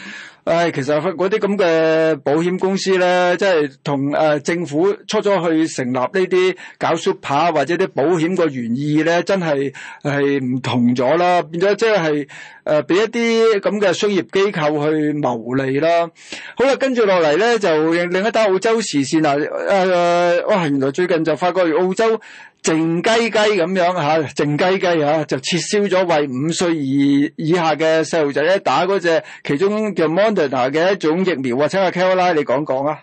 唉、哎，其實嗰啲咁嘅保險公司咧，即係同誒政府出咗去成立呢啲搞 super 或者啲保險個原意咧，真係係唔同咗啦，變咗即係誒俾一啲咁嘅商業機構去牟利啦。好啦，跟住落嚟咧，就另一單澳洲時事喇，誒、呃呃，哇，原來最近就發覺澳洲。靜雞雞咁樣吓，靜雞雞吓就撤銷咗為五歲以以下嘅細路仔咧打嗰隻，其中叫 Moderna 嘅一種疫苗，或者阿 Kelly 你講講啊。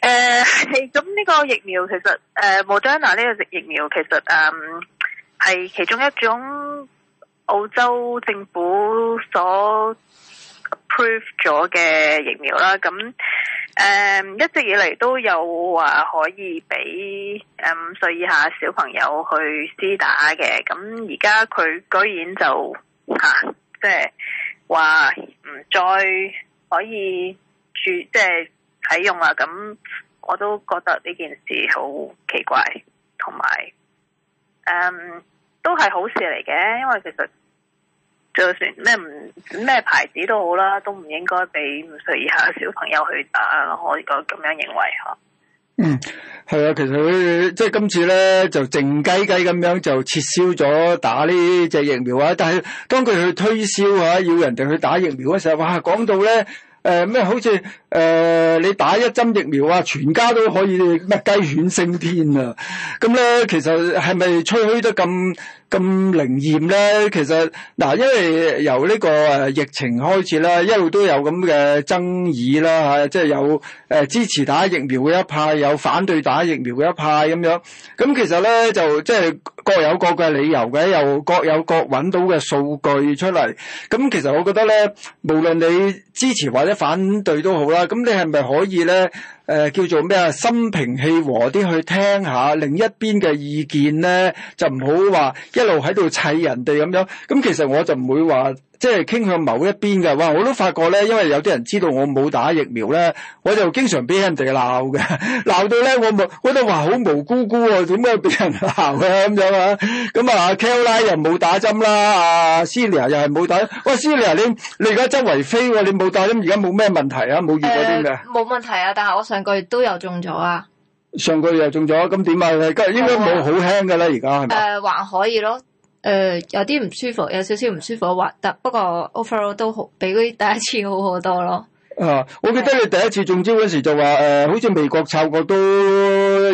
誒、呃，咁呢個疫苗其實誒、呃、Moderna 呢個疫苗其實誒係、呃、其中一種澳洲政府所 approve 咗嘅疫苗啦，咁、嗯。誒，um, 一直以嚟都有話可以俾誒五歲以下小朋友去施打嘅，咁而家佢居然就吓、啊，即係話唔再可以住，即係使用啦，咁我都覺得呢件事好奇怪，同埋誒都係好事嚟嘅，因為其實。就算咩唔咩牌子都好啦，都唔應該俾五歲以下小朋友去打，我而家咁樣認為嚇。嗯，係啊，其實佢即係今次咧就靜雞雞咁樣就撤銷咗打呢隻疫苗啊！但係當佢去推銷啊，要人哋去打疫苗嘅時候，哇，講到咧誒咩好似～誒、呃，你打一針疫苗啊，全家都可以乜雞犬升天啊！咁、嗯、咧，其實係咪吹噓得咁咁靈驗咧？其實嗱、呃，因為由呢、這個誒、呃、疫情開始啦，一路都有咁嘅爭議啦，吓、啊，即、就、係、是、有誒、呃、支持打疫苗嘅一派，有反對打疫苗嘅一派咁樣。咁、嗯、其實咧就即係、就是、各有各嘅理由嘅，又各有各揾到嘅數據出嚟。咁、嗯、其實我覺得咧，無論你支持或者反對都好啦。啊！咁你係咪可以咧？誒、呃、叫做咩啊？心平氣和啲去聽下另一邊嘅意見咧，就唔好話一路喺度砌人哋咁樣。咁其實我就唔會話即係傾向某一邊嘅。哇！我都發覺咧，因為有啲人知道我冇打疫苗咧，我就經常俾人哋鬧嘅，鬧到咧我冇我都話好無辜辜喎，點解俾人鬧啊咁樣啊？咁啊，Kel 拉又冇打針啦，阿、啊、Sonia 又係冇打針。喂、啊、Sonia 你你而家周圍飛喎，你冇打針而家冇咩問題啊？冇遇過啲嘅？冇、呃、問題啊，但係我想。上個月都有中咗啊！上個月又中咗，咁點啊？今應該冇好輕噶啦，而家係咪？誒吧，還、呃、可以咯，誒、呃，有啲唔舒服，有少少唔舒服，滑得。不過 overall 都好比嗰啲第一次好好多咯。啊，我記得你第一次中招嗰時就話誒、啊呃，好似美國炒過都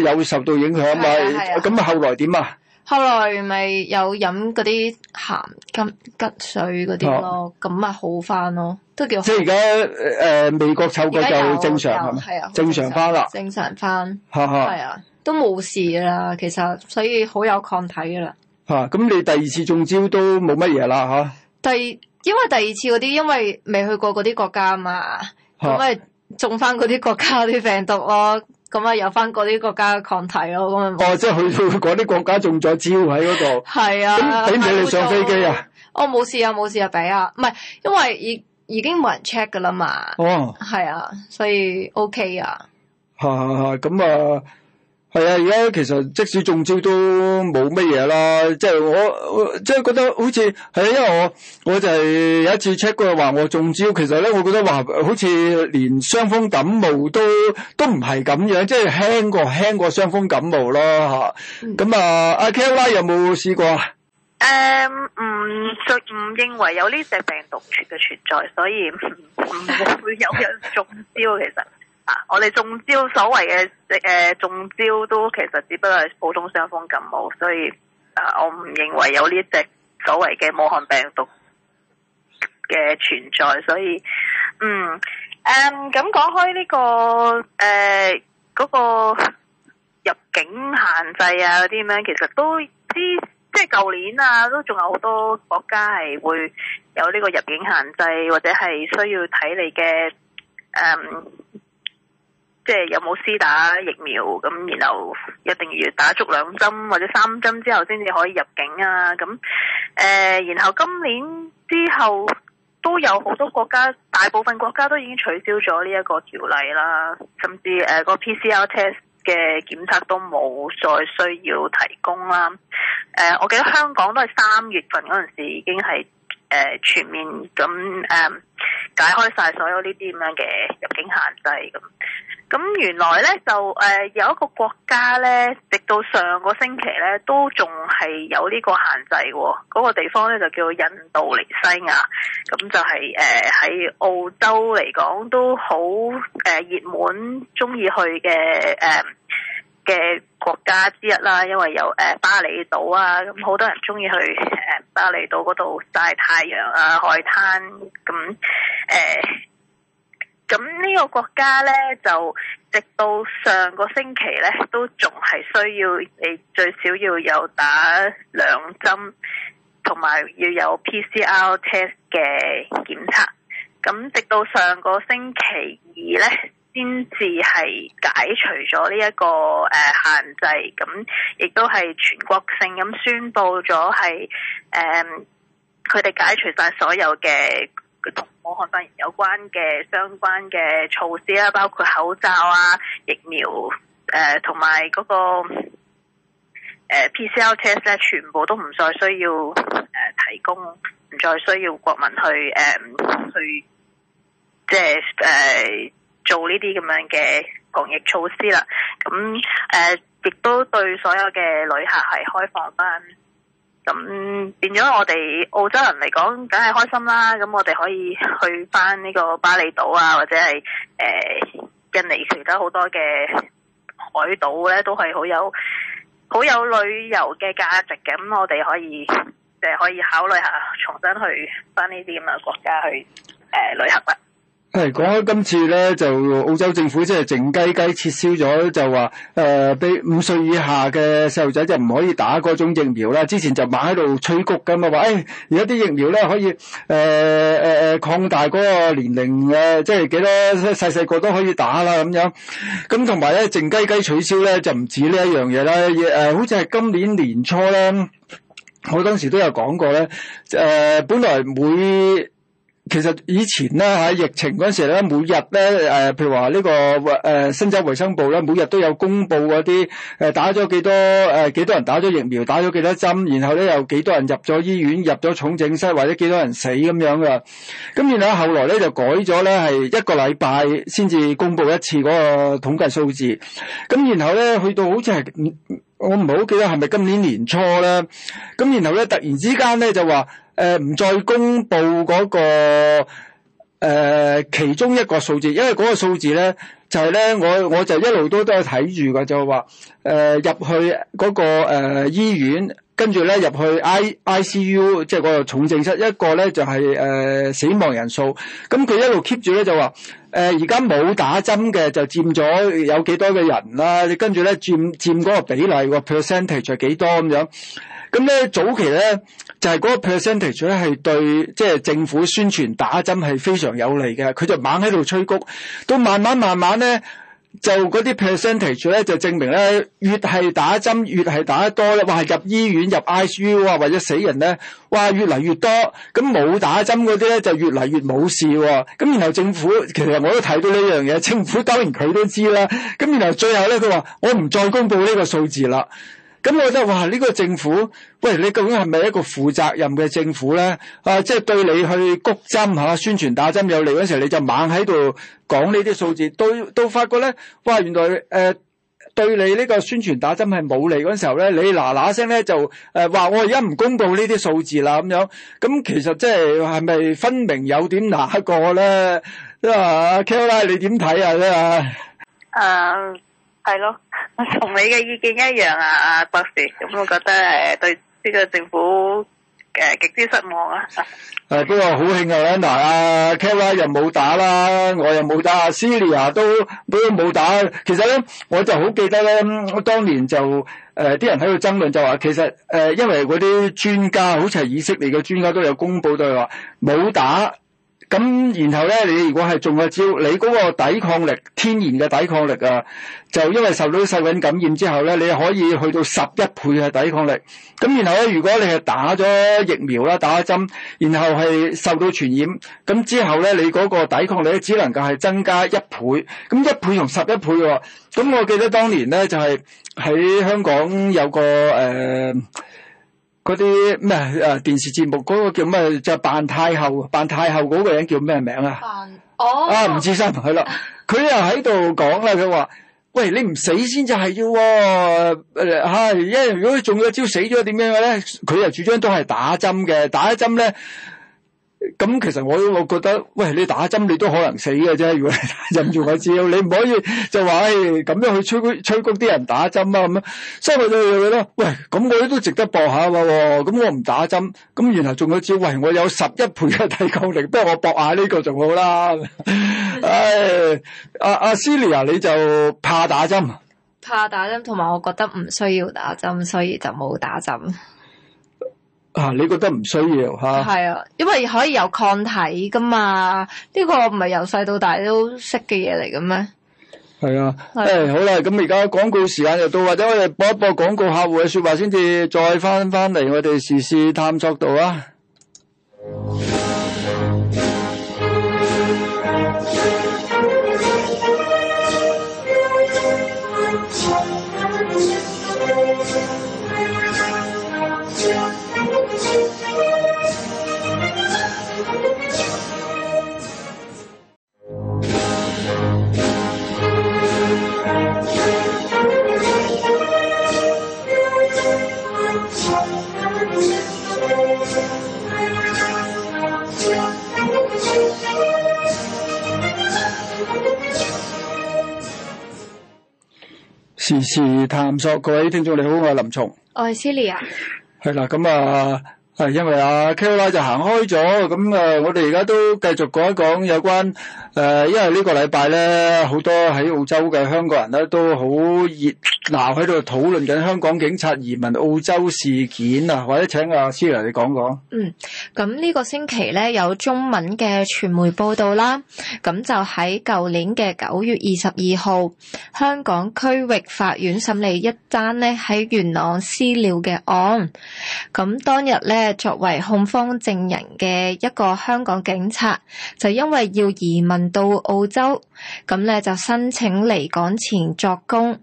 有受到影響嘛。係啊係啊。咁、啊啊、後來點啊？後來咪有飲嗰啲鹹金吉水嗰啲咯，咁咪、啊、好翻咯，都幾好，即係而家誒，味覺嗅覺就正常係嘛，正常翻啦，正常翻，係啊，啊啊都冇事啦，其實所以好有抗體噶啦，吓咁、啊、你第二次中招都冇乜嘢啦吓，啊、第因為第二次嗰啲因為未去過嗰啲國家啊嘛，咁咪中翻嗰啲國家啲病毒咯。咁啊，有翻嗰啲國家嘅抗體咯，咁啊哦，即係去到嗰啲國家仲在招喺嗰度，係 啊，俾唔俾你上飛機啊？哦，冇事啊，冇事啊，俾啊，唔係，因為已已經冇人 check 㗎啦嘛，哦，係啊，所以 OK 啊，係係係，咁啊。啊嗯啊係啊，而家其實即使中招都冇乜嘢啦，即、就、係、是、我即係、就是、覺得好似係因為我我就係有一次 check 過話我中招，其實咧我覺得話好似連傷風感冒都都唔係咁樣，即係輕過輕過傷風感冒啦吓。咁、嗯、啊，阿 Kelly 有冇試過啊？誒，唔就唔認為有呢隻病毒嘅存在，所以唔會有人中招 其實。啊！我哋中招所謂嘅，誒、呃，中招都其實只不過係普通傷風感冒，所以誒、啊，我唔認為有呢隻所謂嘅武漢病毒嘅存在，所以嗯誒，咁、嗯、講、嗯、開呢、這個誒嗰、呃那個入境限制啊嗰啲咩，其實都知，即係舊年啊，都仲有好多國家係會有呢個入境限制，或者係需要睇你嘅誒。嗯即係有冇施打疫苗咁，然後一定要打足兩針或者三針之後先至可以入境啊。咁誒、呃，然後今年之後都有好多國家，大部分國家都已經取消咗呢一個條例啦，甚至誒個、呃、PCR test 嘅檢測都冇再需要提供啦。誒、呃，我記得香港都係三月份嗰陣時已經係誒、呃、全面咁誒。解開曬所有呢啲咁樣嘅入境限制，咁，咁原來呢，就誒、呃、有一個國家呢，直到上個星期呢，都仲係有呢個限制，嗰、嗰個地方呢，就叫做印度尼西亞，咁就係誒喺澳洲嚟講都好誒熱門，鍾、呃、意去嘅誒。呃嘅國家之一啦，因為有誒、呃、巴厘島啊，咁好多人中意去誒、呃、巴厘島嗰度曬太陽啊，海灘咁誒。咁呢、呃、個國家咧，就直到上個星期咧，都仲係需要你最少要有打兩針，同埋要有 PCR test 嘅檢測。咁直到上個星期二咧，先至係解除咗呢一個誒、呃、限制，咁亦都係全國性咁宣布咗係誒佢哋解除晒所有嘅同武漢肺炎有關嘅相關嘅措施啦，包括口罩啊、疫苗誒同埋嗰個、呃、PCR test 咧，全部都唔再需要誒、呃、提供，唔再需要國民去誒、呃、去即係誒。呃做呢啲咁樣嘅防疫措施啦，咁誒亦都對所有嘅旅客係開放翻，咁變咗我哋澳洲人嚟講，梗係開心啦！咁我哋可以去翻呢個巴厘島啊，或者係誒、呃、印尼其他好多嘅海島咧，都係好有好有旅遊嘅價值嘅。咁我哋可以誒可以考慮下，重新去翻呢啲咁嘅國家去誒、呃、旅行啦。係講緊今次咧，就澳洲政府即係靜雞雞撤銷咗，就話誒俾五歲以下嘅細路仔就唔可以打嗰種疫苗啦。之前就猛喺度吹谷咁啊，話誒而家啲疫苗咧可以誒誒誒擴大嗰個年齡誒，即係幾多細細個都可以打啦咁樣。咁同埋咧，靜雞雞取消咧就唔止呢一樣嘢啦。誒，好似係今年年初咧，我當時都有講過咧，誒，本來每其實以前咧喺疫情嗰時咧，每日咧誒、呃，譬如話呢、呢個誒新州衛生部咧，每日都有公布嗰啲誒打咗幾多誒、呃、幾多人打咗疫苗，打咗幾多針，然後咧又幾多人入咗醫院，入咗重症室或者幾多人死咁樣噶。咁然後後來咧就改咗咧係一個禮拜先至公布一次嗰個統計數字。咁然後咧去到好似係我唔係好記得係咪今年年初咧，咁然後咧突然之間咧就話。誒唔、呃、再公布嗰、那個、呃、其中一個數字，因為嗰個數字咧就係、是、咧，我我就一路都都睇住㗎，就係話誒入去嗰、那個誒、呃、醫院，跟住咧入去 I I C U，即係嗰個重症室，一個咧就係、是、誒、呃、死亡人數。咁、嗯、佢一路 keep 住咧就話誒而家冇打針嘅就佔咗有幾多嘅人啦、啊，跟住咧佔佔嗰個比例個 percentage 係幾多咁樣。咁咧早期咧就係嗰個 percentage 咧係對即係政府宣傳打針係非常有利嘅，佢就猛喺度吹谷。到慢慢慢慢咧，就嗰啲 percentage 咧就證明咧，越係打針越係打得多咧，話係入醫院入 ICU 啊或者死人咧，哇越嚟越多。咁冇打針嗰啲咧就越嚟越冇事喎。咁然後政府其實我都睇到呢樣嘢，政府當然佢都知啦。咁然後最後咧，佢話我唔再公布呢個數字啦。咁、嗯、我覺得哇，呢、這個政府，喂，你究竟係咪一個負責任嘅政府咧？啊，即係對你去谷針嚇、啊、宣傳打針有利嗰陣時候，你就猛喺度講呢啲數字。到到發覺咧，哇，原來誒、呃、對你呢個宣傳打針係冇利嗰陣時候咧，你嗱嗱聲咧就誒話、呃、我而家唔公佈呢啲數字啦咁樣。咁、嗯、其實即係係咪分明有點哪個咧？即係阿 Kel，你點睇啊？即係誒，係、啊啊、咯。同你嘅意見一樣啊，博士，咁我覺得誒對呢個政府誒極之失望啊， 啊！誒不過好慶幸啦，嗱，Kel 啦又冇打啦，我又冇打，Silia 都都冇打。其實咧，我就好記得咧，我當年就誒啲、呃、人喺度爭論就，就話其實誒、呃，因為嗰啲專家，好似係以色列嘅專家都有公布，就係話冇打。咁然後咧，你如果係中咗招，你嗰個抵抗力，天然嘅抵抗力啊，就因為受到細菌感染之後咧，你可以去到十一倍嘅抵抗力。咁然後咧，如果你係打咗疫苗啦，打針，然後係受到傳染，咁之後咧，你嗰個抵抗力只能夠係增加一倍。咁一倍同十一倍喎、啊。咁我記得當年咧就係、是、喺香港有個誒。呃嗰啲咩誒電視節目嗰、那個叫咩就扮、是、太后，扮太后嗰個人叫咩名啊？扮哦、oh. 啊吳志森係啦，佢又喺度講啦，佢話喂，你唔死先就係要、啊、誒、哎、係，因為如果中咗招死咗點樣嘅咧，佢又主張都係打針嘅，打一針咧。咁其實我我覺得，喂，你打針你都可能死嘅啫。如果你打中我照， 你唔可以就話，哎，咁樣去催谷催谷啲人打針啊咁樣，收佢哋嘢咯。喂，咁我都都值得搏下喎、啊。咁、嗯、我唔打針，咁然後中咗招。喂，我有十一倍嘅抵抗力，不如我搏下呢個仲好啦。唉、哎，阿阿 Celia 你就怕打針？怕打針，同埋我覺得唔需要打針，所以就冇打針。啊！你覺得唔需要吓？係啊，因為可以有抗體噶嘛，呢、這個唔係由細到大都識嘅嘢嚟嘅咩？係啊，誒、啊欸，好啦，咁而家廣告時間又到，或者我哋播一播廣告，客戶嘅說話先至再翻翻嚟我哋時事探索度啊。 時事探索，各位聽眾你好，我係林松，我係 Celia，係啦，咁啊。係因為阿 Kola 就行開咗，咁誒我哋而家都繼續講一講有關誒，因為呢個禮拜咧，好多喺澳洲嘅香港人咧都好熱鬧喺度討論緊香港警察移民澳洲事件啊，或者請阿 Celia 你講講。嗯，咁呢個星期咧有中文嘅傳媒報道啦，咁就喺舊年嘅九月二十二號，香港區域法院審理一單咧喺元朗私了嘅案，咁當日咧。作為控方證人嘅一個香港警察，就因為要移民到澳洲，咁咧就申請離港前作供，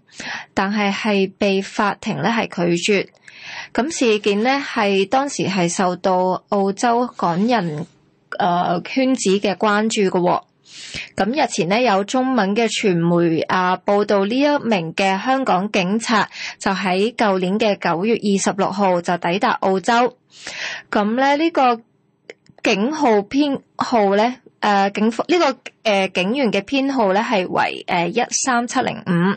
但係係被法庭咧係拒絕。咁事件呢係當時係受到澳洲港人誒、呃、圈子嘅關注嘅、哦。咁日前呢，有中文嘅傳媒啊報道，呢一名嘅香港警察就喺舊年嘅九月二十六號就抵達澳洲，咁咧呢個警號編號咧？誒、呃、警服呢、這個誒、呃、警員嘅編號咧係為誒一三七零五，呃、5，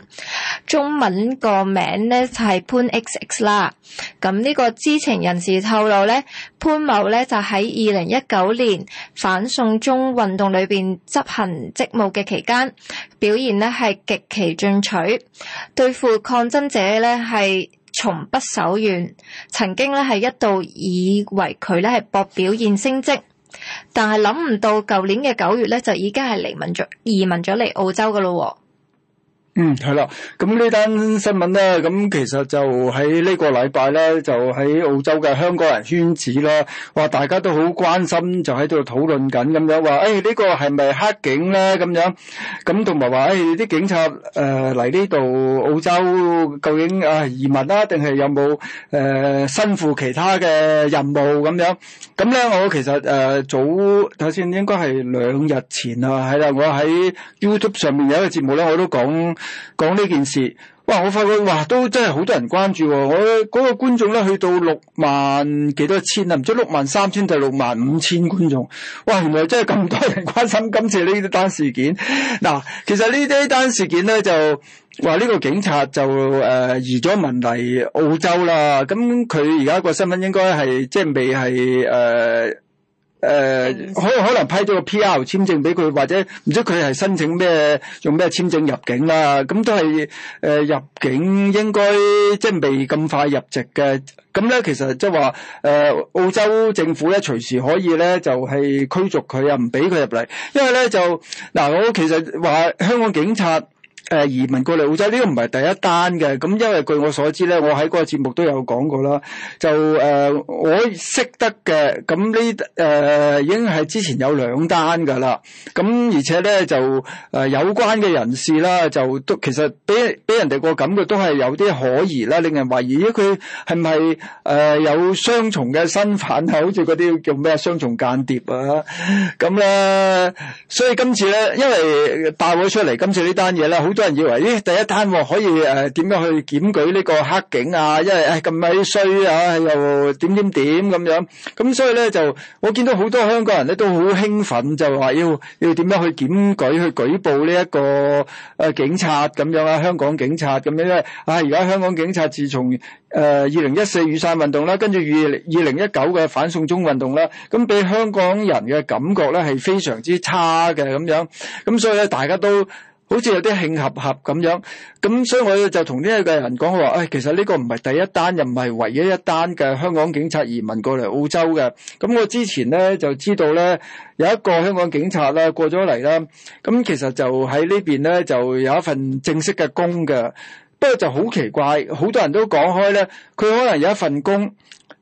中文個名咧就係、是、潘 X X 啦。咁、嗯、呢、這個知情人士透露咧，潘某咧就喺二零一九年反送中運動裏邊執行職務嘅期間表現咧係極其進取，對付抗爭者咧係從不手軟，曾經咧係一度以為佢咧係搏表現升職。但係諗唔到，舊年嘅九月咧，就已經係移民咗移民咗嚟澳洲噶咯。嗯，係啦，咁呢單新聞咧，咁其實就喺呢個禮拜咧，就喺澳洲嘅香港人圈子咧，話大家都好關心，就喺度討論緊咁樣，話誒呢個係咪黑警咧咁樣，咁同埋話誒啲警察誒嚟,呢度澳洲，究竟誒移民啦，定係有冇誒身負其他嘅任務咁樣？咁咧我其實誒早頭先應該係兩日前啦，係啦，我喺 YouTube 上面有一個節目咧，我都講。講呢件事，哇！我發覺哇，都真係好多人關注，哦。我，那，嗰個觀眾咧，去到六萬幾多千啦，唔知六萬三千定六萬五千觀眾。哇！原來真係咁多人關心今次呢啲單事件。嗱，其實呢啲單事件咧就話呢，呢個警察就誒，呃、移咗民嚟澳洲啦。咁佢而家個身份應該係即係未係誒。呃誒，可、呃、可能批咗個 P.R. 簽證俾佢，或者唔知佢係申請咩用咩簽證入境啦、啊。咁都係誒、呃、入境應該，應該即係未咁快入籍嘅。咁咧，其實即係話誒，澳洲政府咧隨時可以咧就係、是、驅逐佢啊，唔俾佢入嚟。因為咧就嗱，我、呃、其實話香港警察。誒，移民過嚟澳洲呢，這個唔係第一單嘅，咁因為據我所知咧，我喺嗰個節目都有講過啦，就誒、呃、我識得嘅，咁呢誒已經係之前有兩單噶啦，咁而且咧就誒、呃、有關嘅人士啦，就都其實俾俾人哋個感覺都係有啲可疑啦，令人懷疑，因為佢係唔係誒有雙重嘅身份，係好似嗰啲叫咩雙重間諜啊，咁咧，所以今次咧，因為帶咗出嚟，今次呢單嘢咧好。多人以為，咦、哎，第一單可以誒點樣去檢舉呢個黑警啊？因為誒咁咪衰啊，又點點點咁樣。咁所以咧，就我見到好多香港人咧都好興奮就，就話要要點樣去檢舉、去舉報呢一個誒警察咁樣啊？香港警察咁樣咧啊！而家香港警察自從誒二零一四雨傘運動啦，跟住二二零一九嘅反送中運動啦，咁俾香港人嘅感覺咧係非常之差嘅咁樣。咁所以咧，大家都。好似有啲慶合合咁樣，咁所以我就同呢一個人講，我話：，誒，其實呢個唔係第一單，又唔係唯一一單嘅香港警察移民過嚟澳洲嘅。咁我之前咧就知道咧，有一個香港警察咧過咗嚟啦，咁其實就喺呢邊咧就有一份正式嘅工嘅，不過就好奇怪，好多人都講開咧，佢可能有一份工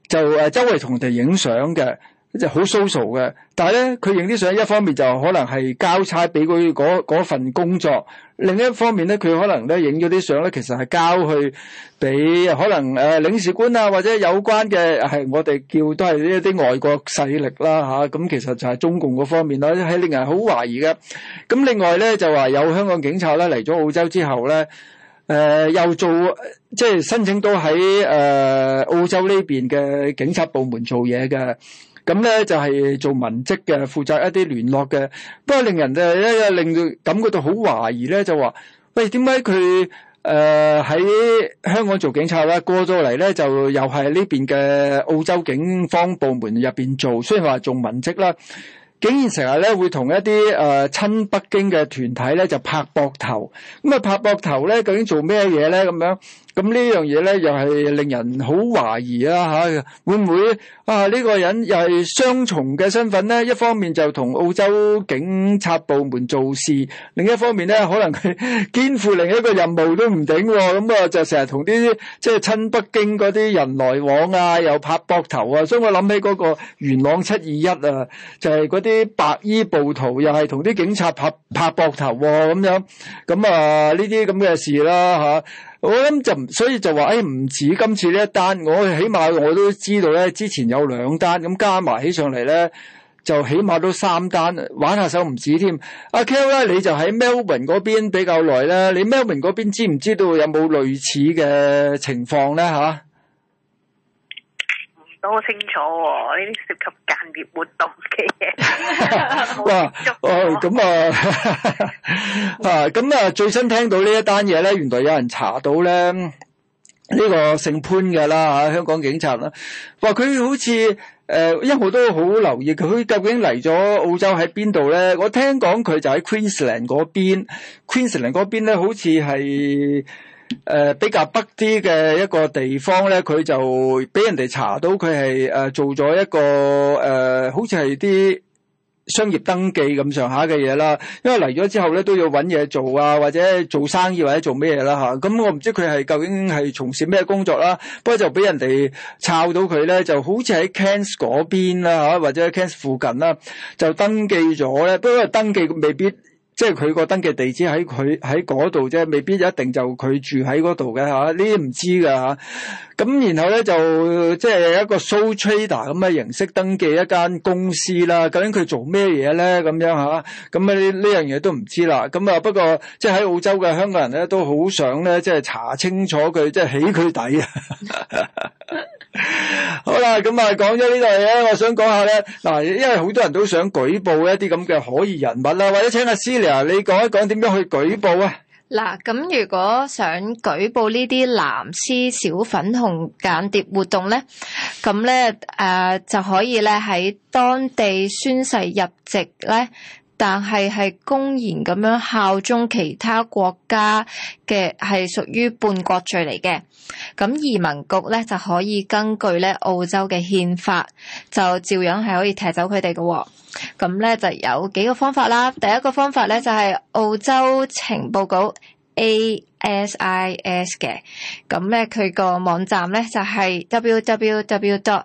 就誒周圍同人哋影相嘅。就好 s o 嘅，但係咧，佢影啲相，一方面就可能係交差俾佢嗰份工作，另一方面咧，佢可能咧影咗啲相咧，其實係交去俾可能誒、呃、領事官啊，或者有關嘅係我哋叫都係一啲外國勢力啦吓。咁、啊嗯、其實就係中共嗰方面啦，係令人好懷疑嘅。咁、嗯、另外咧就話有香港警察咧嚟咗澳洲之後咧，誒、呃、又做、呃、即係申請到喺誒、呃、澳洲呢邊嘅警察部門做嘢嘅。咁咧就係做文職嘅，負責一啲聯絡嘅，不過令人誒令佢感覺到好懷疑咧，就話喂，點解佢誒喺香港做警察咧，過咗嚟咧就又係呢邊嘅澳洲警方部門入邊做，雖然話做文職啦，竟然成日咧會同一啲誒親北京嘅團體咧就拍膊頭，咁、嗯、啊拍膊頭咧究竟做咩嘢咧咁樣？咁呢樣嘢咧，又係令人好懷疑啊。嚇，會唔會啊呢個人又係雙重嘅身份咧？一方面就同澳洲警察部門做事，另一方面咧，可能佢肩負另一個任務都唔頂喎。咁啊，就成日同啲即係親北京嗰啲人來往啊，又拍膊頭啊。所以我諗起嗰個元朗七二一啊，就係嗰啲白衣暴徒又係同啲警察拍拍膊頭喎，咁樣咁啊，呢啲咁嘅事啦、啊、嚇。啊我諗就，所以就話，誒、哎，唔止今次呢一單，我起碼我都知道咧，之前有兩單，咁加埋起上嚟咧，就起碼都三單，玩下手唔止添。阿、啊、Kel 咧，你就喺 Melbourne 嗰邊比較耐啦，你 Melbourne 嗰邊知唔知道有冇類似嘅情況咧？吓、啊？好清楚喎，呢啲涉及間諜活動嘅嘢。哇，哦，咁啊，啊，咁啊，最新聽到呢一單嘢咧，原來有人查到咧，呢個姓潘嘅啦嚇，香港警察啦，話佢好似誒，因為我都好留意佢究竟嚟咗澳洲喺邊度咧。我聽講佢就喺 Queensland 嗰邊，Queensland 嗰邊咧好似係。誒、呃，比較北啲嘅一個地方咧，佢就俾人哋查到佢係誒做咗一個誒、呃，好似係啲商業登記咁上下嘅嘢啦。因為嚟咗之後咧，都要搵嘢做啊，或者做生意或者做咩嘢啦吓。咁、啊嗯、我唔知佢係究竟係從事咩工作啦。不過就俾人哋查到佢咧，就好似喺 Cairns 嗰邊啦吓，或者喺 Cairns 附近啦、啊，就登記咗咧。不過登記未必。即係佢個登記地址喺佢喺嗰度啫，未必一定就佢住喺嗰度嘅吓，呢啲唔知噶吓。咁、啊、然後咧就即係一個 sole trader 咁嘅形式登記一間公司啦、啊。究竟佢做咩嘢咧？咁、啊啊、樣吓，咁啊呢呢樣嘢都唔知啦。咁啊不過即係喺澳洲嘅香港人咧，都好想咧即係查清楚佢即係起佢底啊。 好啦，咁、嗯、啊，講咗呢度嘢，我想講下咧，嗱，因為好多人都想舉報一啲咁嘅可疑人物啦，或者請阿 Silia 你講一講點樣去舉報啊？嗱，咁、嗯、如果想舉報呢啲藍絲小粉紅間諜活動咧，咁咧誒就可以咧喺當地宣誓入籍咧。但係係公然咁樣效忠其他國家嘅係屬於叛國罪嚟嘅，咁移民局咧就可以根據咧澳洲嘅憲法，就照樣係可以踢走佢哋嘅。咁咧就有幾個方法啦，第一個方法咧就係、是、澳洲情報局 A S I S 嘅，咁咧佢個網站咧就係、是、w w w dot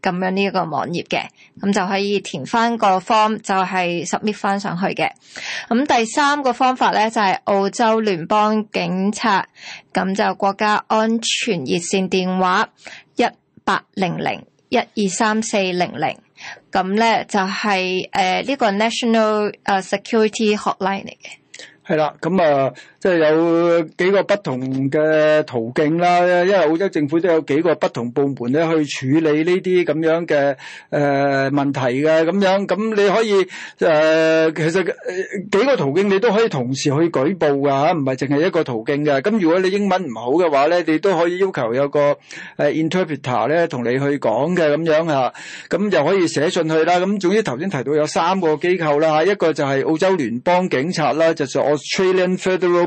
咁樣呢一個網頁嘅，咁就可以填翻個 form，就係 submit 翻上去嘅。咁第三個方法咧就係、是、澳洲聯邦警察咁就國家安全熱線電話一八零零一二三四零零，咁咧就係誒呢個 national security hotline 嚟嘅。係啦，咁啊。即係有幾個不同嘅途徑啦，因為澳洲政府都有幾個不同部門咧去處理呢啲咁樣嘅誒、呃、問題嘅咁樣，咁你可以誒、呃、其實、呃、幾個途徑你都可以同時去舉報㗎嚇，唔係淨係一個途徑嘅。咁、啊、如果你英文唔好嘅話咧，你都可以要求有個誒、呃、interpreter 咧同你去講嘅咁樣嚇。咁、啊、就可以寫信去啦。咁、啊、總之頭先提到有三個機構啦嚇、啊，一個就係澳洲聯邦警察啦、啊，就係、是、Australian Federal。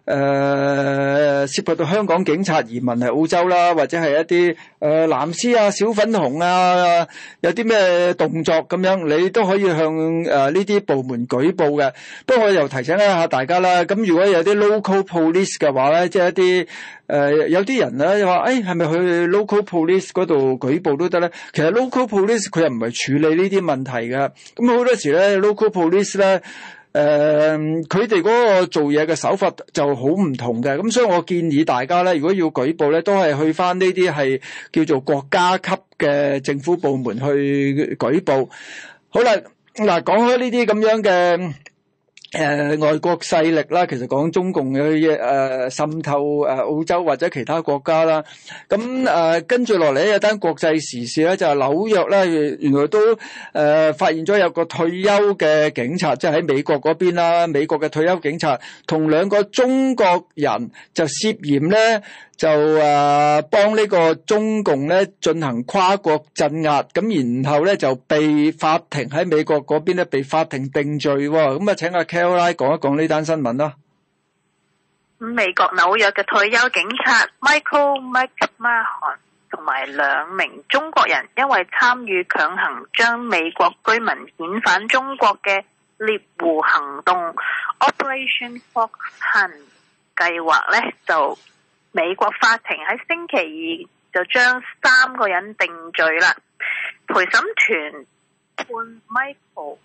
誒、呃，涉及到香港警察移民嚟澳洲啦，或者係一啲誒、呃、藍絲啊、小粉紅啊，有啲咩動作咁樣，你都可以向誒呢啲部門舉報嘅。不過我又提醒一下大家啦，咁如果有啲 local police 嘅話咧，即係一啲誒、呃、有啲人咧就話，誒係咪去 local police 嗰度舉報都得咧？其實 local police 佢又唔係處理呢啲問題嘅，咁好多時咧 local police 咧。誒，佢哋嗰個做嘢嘅手法就好唔同嘅，咁所以我建議大家咧，如果要舉報咧，都係去翻呢啲係叫做國家級嘅政府部門去舉報。好啦，嗱，講開呢啲咁樣嘅。誒，外國勢力啦，其實講中共嘅嘢誒滲透誒澳洲或者其他國家啦，咁誒跟住落嚟有單國際時事咧，就係紐約咧，原來都誒發現咗有個退休嘅警察，即係喺美國嗰邊啦，美國嘅退休警察同兩個中國人就涉嫌咧，就誒幫呢個中共咧進行跨國鎮壓，咁然後咧就被法庭喺美國嗰邊咧被法庭定罪喎，咁啊請阿 Ken。講一講呢單新聞啦。美國紐約嘅退休警察 Michael McMahon 同埋兩名中國人，因為參與強行將美國居民遣返中國嘅獵狐行動 Operation Fox Hunt 計劃呢，就美國法庭喺星期二就將三個人定罪啦。陪審團判 Michael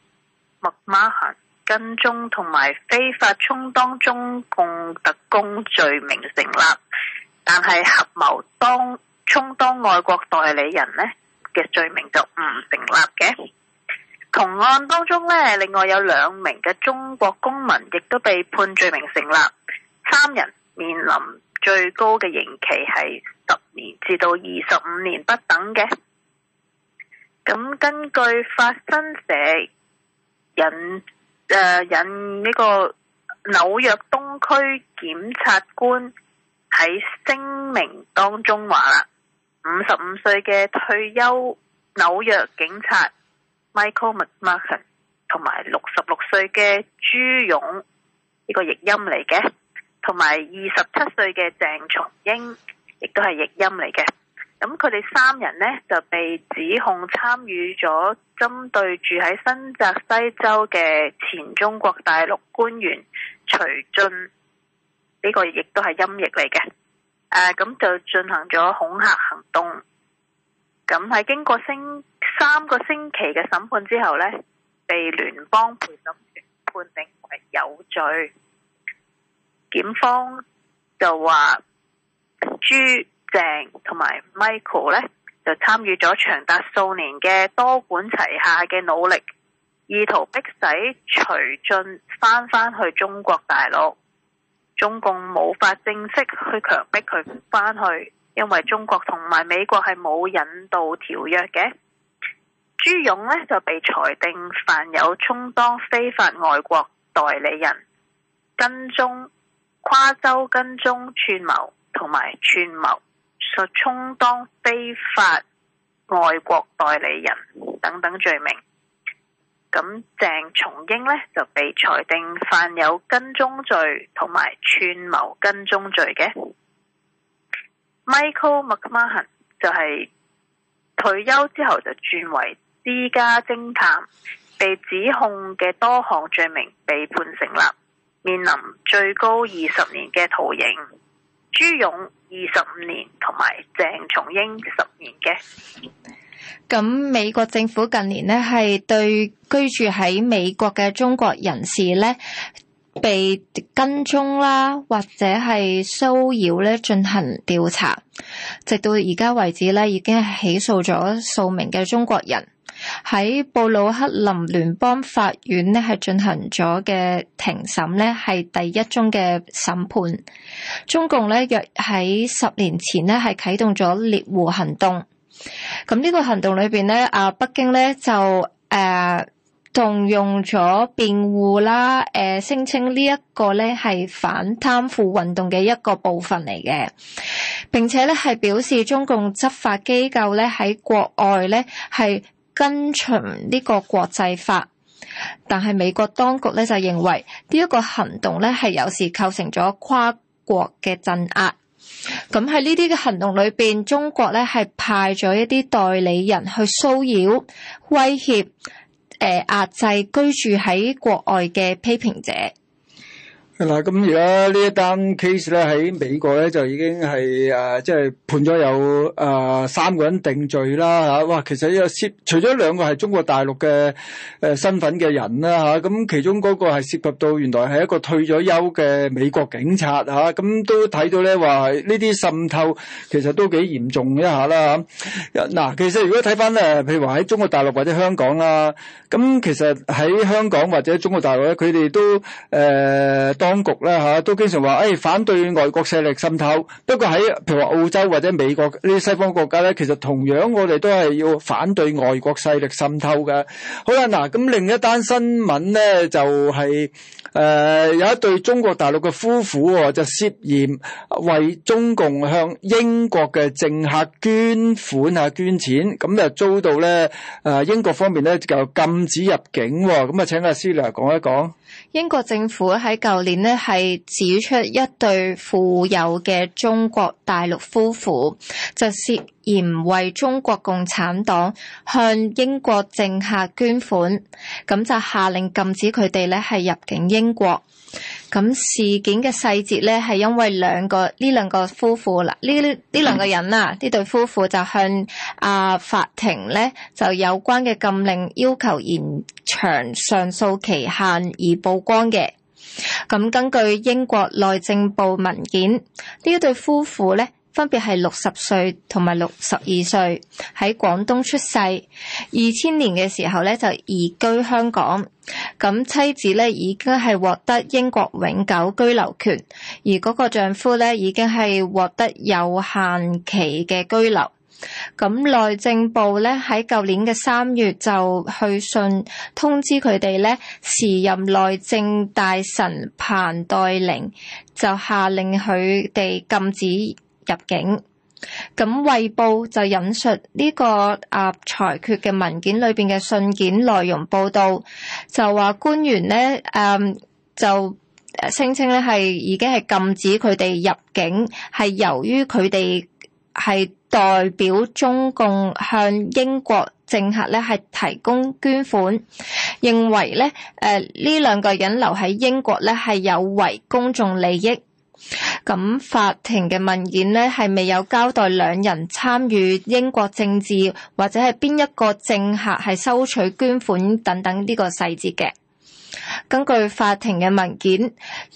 McMahon 跟蹤同埋非法充當中共特工罪名成立，但係合謀當充當外國代理人咧嘅罪名就唔成立嘅。同案當中咧，另外有兩名嘅中國公民亦都被判罪名成立，三人面臨最高嘅刑期係十年至到二十五年不等嘅。咁根據法新社引，誒，uh, 引呢個紐約東區檢察官喺聲明當中話啦，五十五歲嘅退休紐約警察 Michael McMahon 同埋六十六歲嘅朱勇呢、這個譯音嚟嘅，同埋二十七歲嘅鄭松英亦都係譯音嚟嘅。咁佢哋三人呢，就被指控參與咗針對住喺新澤西州嘅前中國大陸官員徐俊，呢、這個亦都係音譯嚟嘅。咁、啊、就進行咗恐嚇行動。咁喺經過星三個星期嘅審判之後呢，被聯邦陪審團判定為有罪。檢方就話朱。鄭同埋 Michael 咧，就參與咗長達數年嘅多管齊下嘅努力，意圖迫使徐進翻翻去中國大陸。中共無法正式去強迫佢翻去，因為中國同埋美國係冇引渡條約嘅。朱勇呢，就被裁定犯有充當非法外國代理人、跟蹤、跨州跟蹤串謀同埋串謀充當非法外國代理人等等罪名，咁鄭松英呢就被裁定犯有跟蹤罪同埋串謀跟蹤罪嘅。Michael McMahon 就係退休之後就轉為私家偵探，被指控嘅多項罪名被判成立，面臨最高二十年嘅徒刑。朱勇。二十五年同埋鄭從英十年嘅。咁美國政府近年咧係對居住喺美國嘅中國人士咧被跟蹤啦，或者係騷擾咧進行調查，直到而家為止咧已經起訴咗數名嘅中國人。喺布魯克林聯邦法院呢係進行咗嘅庭審呢係第一宗嘅審判。中共呢約喺十年前呢係啟動咗獵狐行動。咁呢個行動裏邊呢，啊北京呢就誒、啊、動用咗辯護啦，誒聲稱呢一個呢係反貪腐運動嘅一個部分嚟嘅，並且呢係表示中共執法機構呢喺國外呢係。跟隨呢個國際法，但係美國當局咧就認為呢一個行動咧係有時構成咗跨國嘅鎮壓。咁喺呢啲嘅行動裏邊，中國咧係派咗一啲代理人去騷擾、威脅、誒、呃、壓制居住喺國外嘅批評者。嗱，咁而家呢一單 case 咧喺美國咧就已經係誒，即係判咗有誒三個人定罪啦吓，哇，其實又涉，除咗兩個係中國大陸嘅誒身份嘅人啦吓，咁其中嗰個係涉及到原來係一個退咗休嘅美國警察吓，咁都睇到咧話呢啲滲透其實都幾嚴重一下啦吓。嗱，其實如果睇翻，誒，譬如話喺中國大陸或者香港啦，咁其實喺香港或者中國大陸咧，佢哋都誒。呃當局咧嚇都經常話誒、哎、反對外國勢力滲透，不過喺譬如話澳洲或者美國呢啲西方國家咧，其實同樣我哋都係要反對外國勢力滲透嘅。好啦，嗱咁另一單新聞咧就係、是、誒、呃、有一對中國大陸嘅夫婦、哦、就涉嫌為中共向英國嘅政客捐款啊捐錢，咁就、嗯嗯、遭到咧誒、啊、英國方面咧就禁止入境。咁、哦、啊、嗯，請阿師兄講一講。英國政府喺舊年咧係指出一對富有嘅中國大陸夫婦就涉嫌為中國共產黨向英國政客捐款，噉就下令禁止佢哋咧係入境英國。咁事件嘅細節咧，係因為兩個呢兩個夫婦啦，呢呢呢兩個人啊，呢對夫婦就向啊法庭咧，就有關嘅禁令要求延長上訴期限而曝光嘅。咁根據英國內政部文件，呢對夫婦咧。分別係六十歲同埋六十二歲，喺廣東出世。二千年嘅時候咧就移居香港，咁妻子咧已經係獲得英國永久居留權，而嗰個丈夫咧已經係獲得有限期嘅居留。咁內政部咧喺舊年嘅三月就去信通知佢哋咧，時任內政大臣彭黛玲，就下令佢哋禁止入境咁，《衛報》就引述呢個啊裁決嘅文件裏邊嘅信件內容，報道就話官員咧，嗯，就聲稱咧係已經係禁止佢哋入境，係由於佢哋係代表中共向英國政客咧係提供捐款，認為咧誒呢兩個人留喺英國咧係有違公眾利益。咁法庭嘅文件呢，係未有交代兩人參與英國政治或者係邊一個政客係收取捐款等等呢個細節嘅。根據法庭嘅文件，呢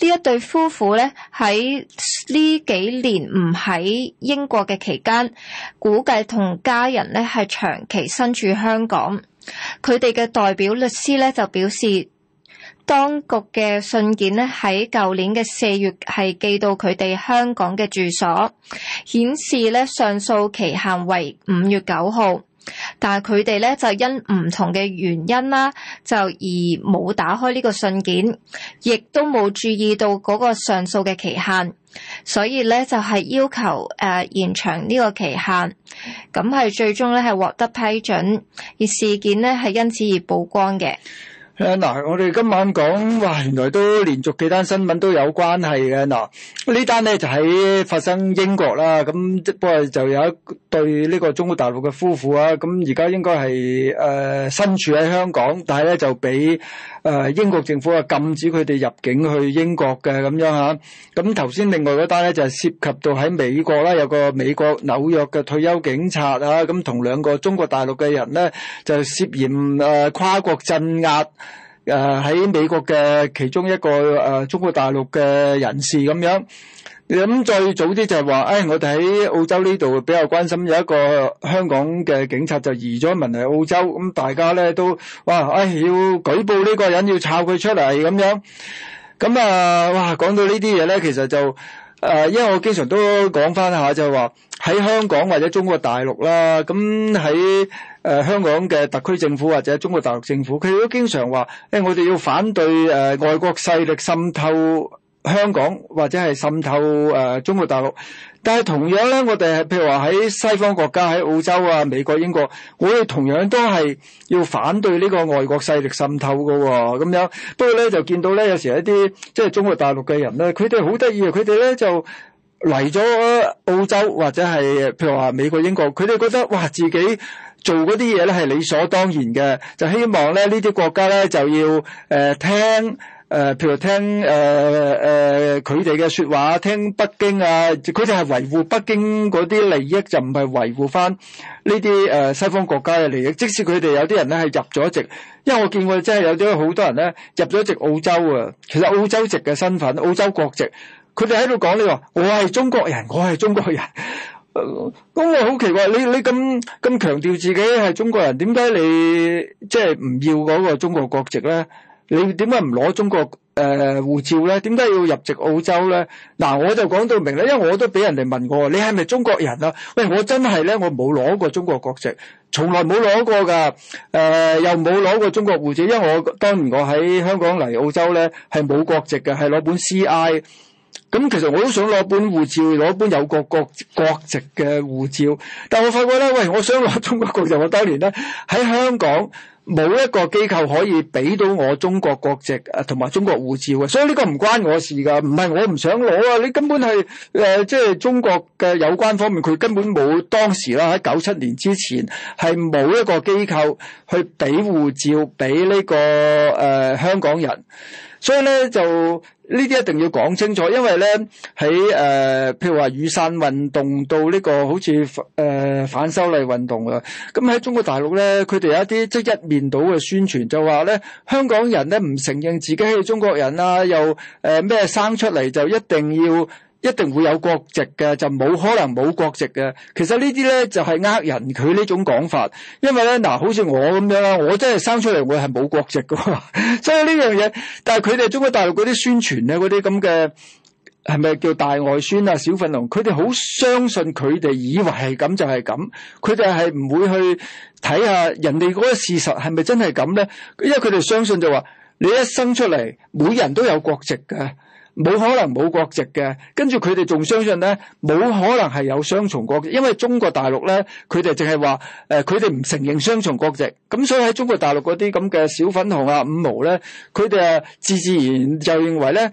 一對夫婦呢喺呢幾年唔喺英國嘅期間，估計同家人呢係長期身處香港。佢哋嘅代表律師呢，就表示。當局嘅信件呢喺舊年嘅四月係寄到佢哋香港嘅住所，顯示呢上訴期限為五月九號，但係佢哋呢就因唔同嘅原因啦，就而冇打開呢個信件，亦都冇注意到嗰個上訴嘅期限，所以呢，就係要求誒延長呢個期限，咁係最終呢係獲得批准，而事件呢係因此而曝光嘅。誒嗱，我哋今晚講，哇，原來都連續幾單新聞都有關係嘅。嗱，呢單咧就喺發生英國啦，咁不過就有一對呢個中國大陸嘅夫婦啊，咁而家應該係誒身處喺香港，但係咧就俾。誒英國政府啊，禁止佢哋入境去英國嘅咁樣吓，咁頭先另外嗰單咧，就係、是、涉及到喺美國啦，有個美國紐約嘅退休警察啊，咁同兩個中國大陸嘅人呢，就涉嫌誒跨國鎮壓誒喺、呃、美國嘅其中一個誒、呃、中國大陸嘅人士咁樣。咁再早啲就係話，誒、哎、我哋喺澳洲呢度比較關心有一個香港嘅警察就移咗民嚟澳洲，咁大家咧都哇，誒、哎、要舉報呢個人，要抄佢出嚟咁樣。咁啊，哇，講到呢啲嘢咧，其實就誒、呃，因為我經常都講翻下就係話喺香港或者中國大陸啦，咁喺誒香港嘅特區政府或者中國大陸政府，佢都經常話，誒、哎、我哋要反對誒、呃、外國勢力滲透。香港或者係滲透誒、呃、中國大陸，但係同樣咧，我哋係譬如話喺西方國家，喺澳洲啊、美國、英國，我哋同樣都係要反對呢個外國勢力滲透噶、哦。咁樣，不過咧就見到咧，有時一啲即係中國大陸嘅人咧，佢哋好得意，佢哋咧就嚟咗澳洲，或者係譬如話美國、英國，佢哋覺得哇自己做嗰啲嘢咧係理所當然嘅，就希望咧呢啲國家咧就要誒、呃、聽。誒、呃，譬如聽誒誒佢哋嘅說話，聽北京啊，佢哋係維護北京嗰啲利益，就唔係維護翻呢啲誒西方國家嘅利益。即使佢哋有啲人咧係入咗籍，因為我見過真係有啲好多人咧入咗籍澳洲啊。其實澳洲籍嘅身份，澳洲國籍，佢哋喺度講你話我係中國人，我係中國人，咁我好奇怪，你你咁咁強調自己係中國人，點解你即係唔要嗰個中國國籍咧？你點解唔攞中國誒、呃、護照咧？點解要入籍澳洲咧？嗱，我就講到明啦，因為我都俾人哋問我，你係咪中國人啊？喂，我真係咧，我冇攞過中國國籍，從來冇攞過㗎。誒、呃，又冇攞過中國護照，因為我當年我喺香港嚟澳洲咧，係冇國籍嘅，係攞本 C I。咁其實我都想攞本護照，攞本有個國國國籍嘅護照。但我發覺咧，喂，我想攞中國國籍，我當年咧喺香港。冇一個機構可以俾到我中國國籍誒，同埋中國護照啊，所以呢個唔關我事噶，唔係我唔想攞啊，你根本係誒，即、呃、係、就是、中國嘅有關方面，佢根本冇，當時啦，喺九七年之前，係冇一個機構去俾護照俾呢、這個誒、呃、香港人，所以咧就。呢啲一定要講清楚，因為咧喺誒譬如話雨傘運動到呢、這個好似誒、呃、反修例運動啊，咁喺中國大陸咧，佢哋有一啲即、就是、一面倒嘅宣傳，就話咧香港人咧唔承認自己係中國人啊，又誒咩生出嚟就一定要。一定會有國籍嘅，就冇可能冇國籍嘅。其實呢啲咧就係、是、呃人佢呢種講法，因為咧嗱，好似我咁樣，我真係生出嚟會係冇國籍噶。 所以呢樣嘢，但係佢哋中國大陸嗰啲宣傳咧，嗰啲咁嘅係咪叫大外宣啊？小粉紅，佢哋好相信佢哋以為係咁就係咁，佢哋係唔會去睇下人哋嗰個事實係咪真係咁咧？因為佢哋相信就話你一生出嚟，每人都有國籍嘅。冇可能冇國籍嘅，跟住佢哋仲相信咧，冇可能係有雙重國籍，因為中國大陸咧，佢哋淨係話誒，佢哋唔承認雙重國籍，咁所以喺中國大陸嗰啲咁嘅小粉紅啊、五毛咧，佢哋啊，自自然就認為咧。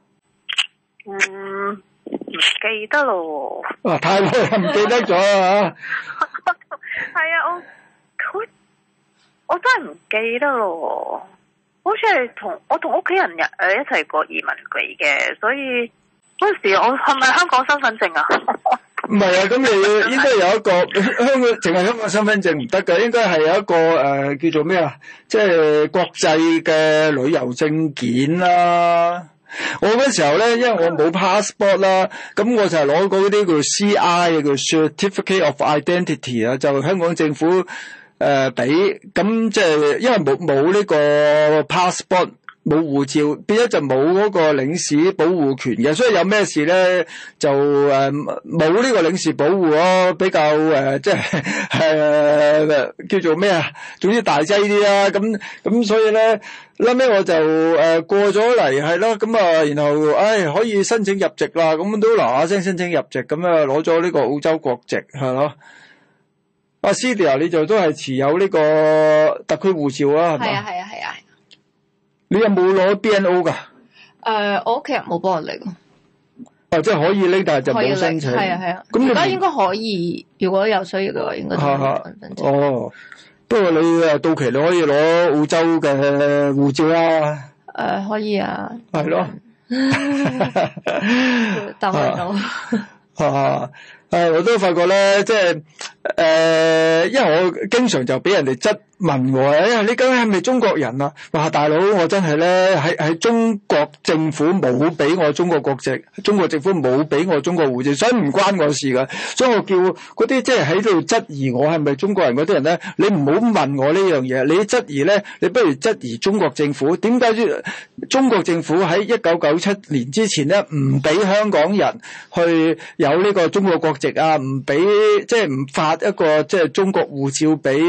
唔記得咯，哇、嗯！太耐唔記得咗啊！係 啊，我好我，我真係唔記得咯。好似係同我同屋企人誒一齊過移民局嘅，所以嗰陣時我係咪香港身份證啊？唔 係啊，咁你要應該有一個香港，淨係香港身份證唔得噶，應該係有一個誒、呃、叫做咩、即係、啊？即係國際嘅旅遊證件啦。我嗰時候咧，因為我冇 passport 啦，咁我就係攞嗰啲叫 C.I. 叫 Certificate of Identity 啊，就香港政府誒俾，咁即係因為冇冇呢個 passport，冇護照，變咗就冇嗰個領事保護權嘅，所以有咩事咧就誒冇呢個領事保護咯，比較誒、呃、即係誒、呃、叫做咩啊，總之大劑啲啦，咁咁所以咧。嗰咩我就誒、呃、過咗嚟係咯，咁啊、嗯，然後誒可以申請入籍啦，咁、嗯、都嗱下聲申請入籍，咁啊攞咗呢個澳洲國籍係咯。阿 Cindy 啊，你就都係持有呢個特區護照啊，係嘛？係啊係啊係啊！你有冇攞 BNO 㗎？誒，我屋企人冇幫我拎。誒，即係可以拎，但係就冇申請。係啊係啊，而家應該可以，如果有需要嘅話，應該哦。啊啊啊啊啊啊不過你啊，到期你可以攞澳洲嘅護照啊，誒，可以啊，係咯，但係到，啊，誒我都發覺咧，即係。誒、呃，因為我經常就俾人哋質問我，你究竟係咪中國人啊？哇，大佬我真係咧喺喺中國政府冇俾我中國國籍，中國政府冇俾我中國戶籍，所以唔關我的事噶。所以我叫嗰啲即係喺度質疑我係咪中國人嗰啲人咧，你唔好問我呢樣嘢，你質疑咧，你不如質疑中國政府，點解中中國政府喺一九九七年之前咧唔俾香港人去有呢個中國國籍啊？唔俾即係唔發。就是發一個即係中國護照俾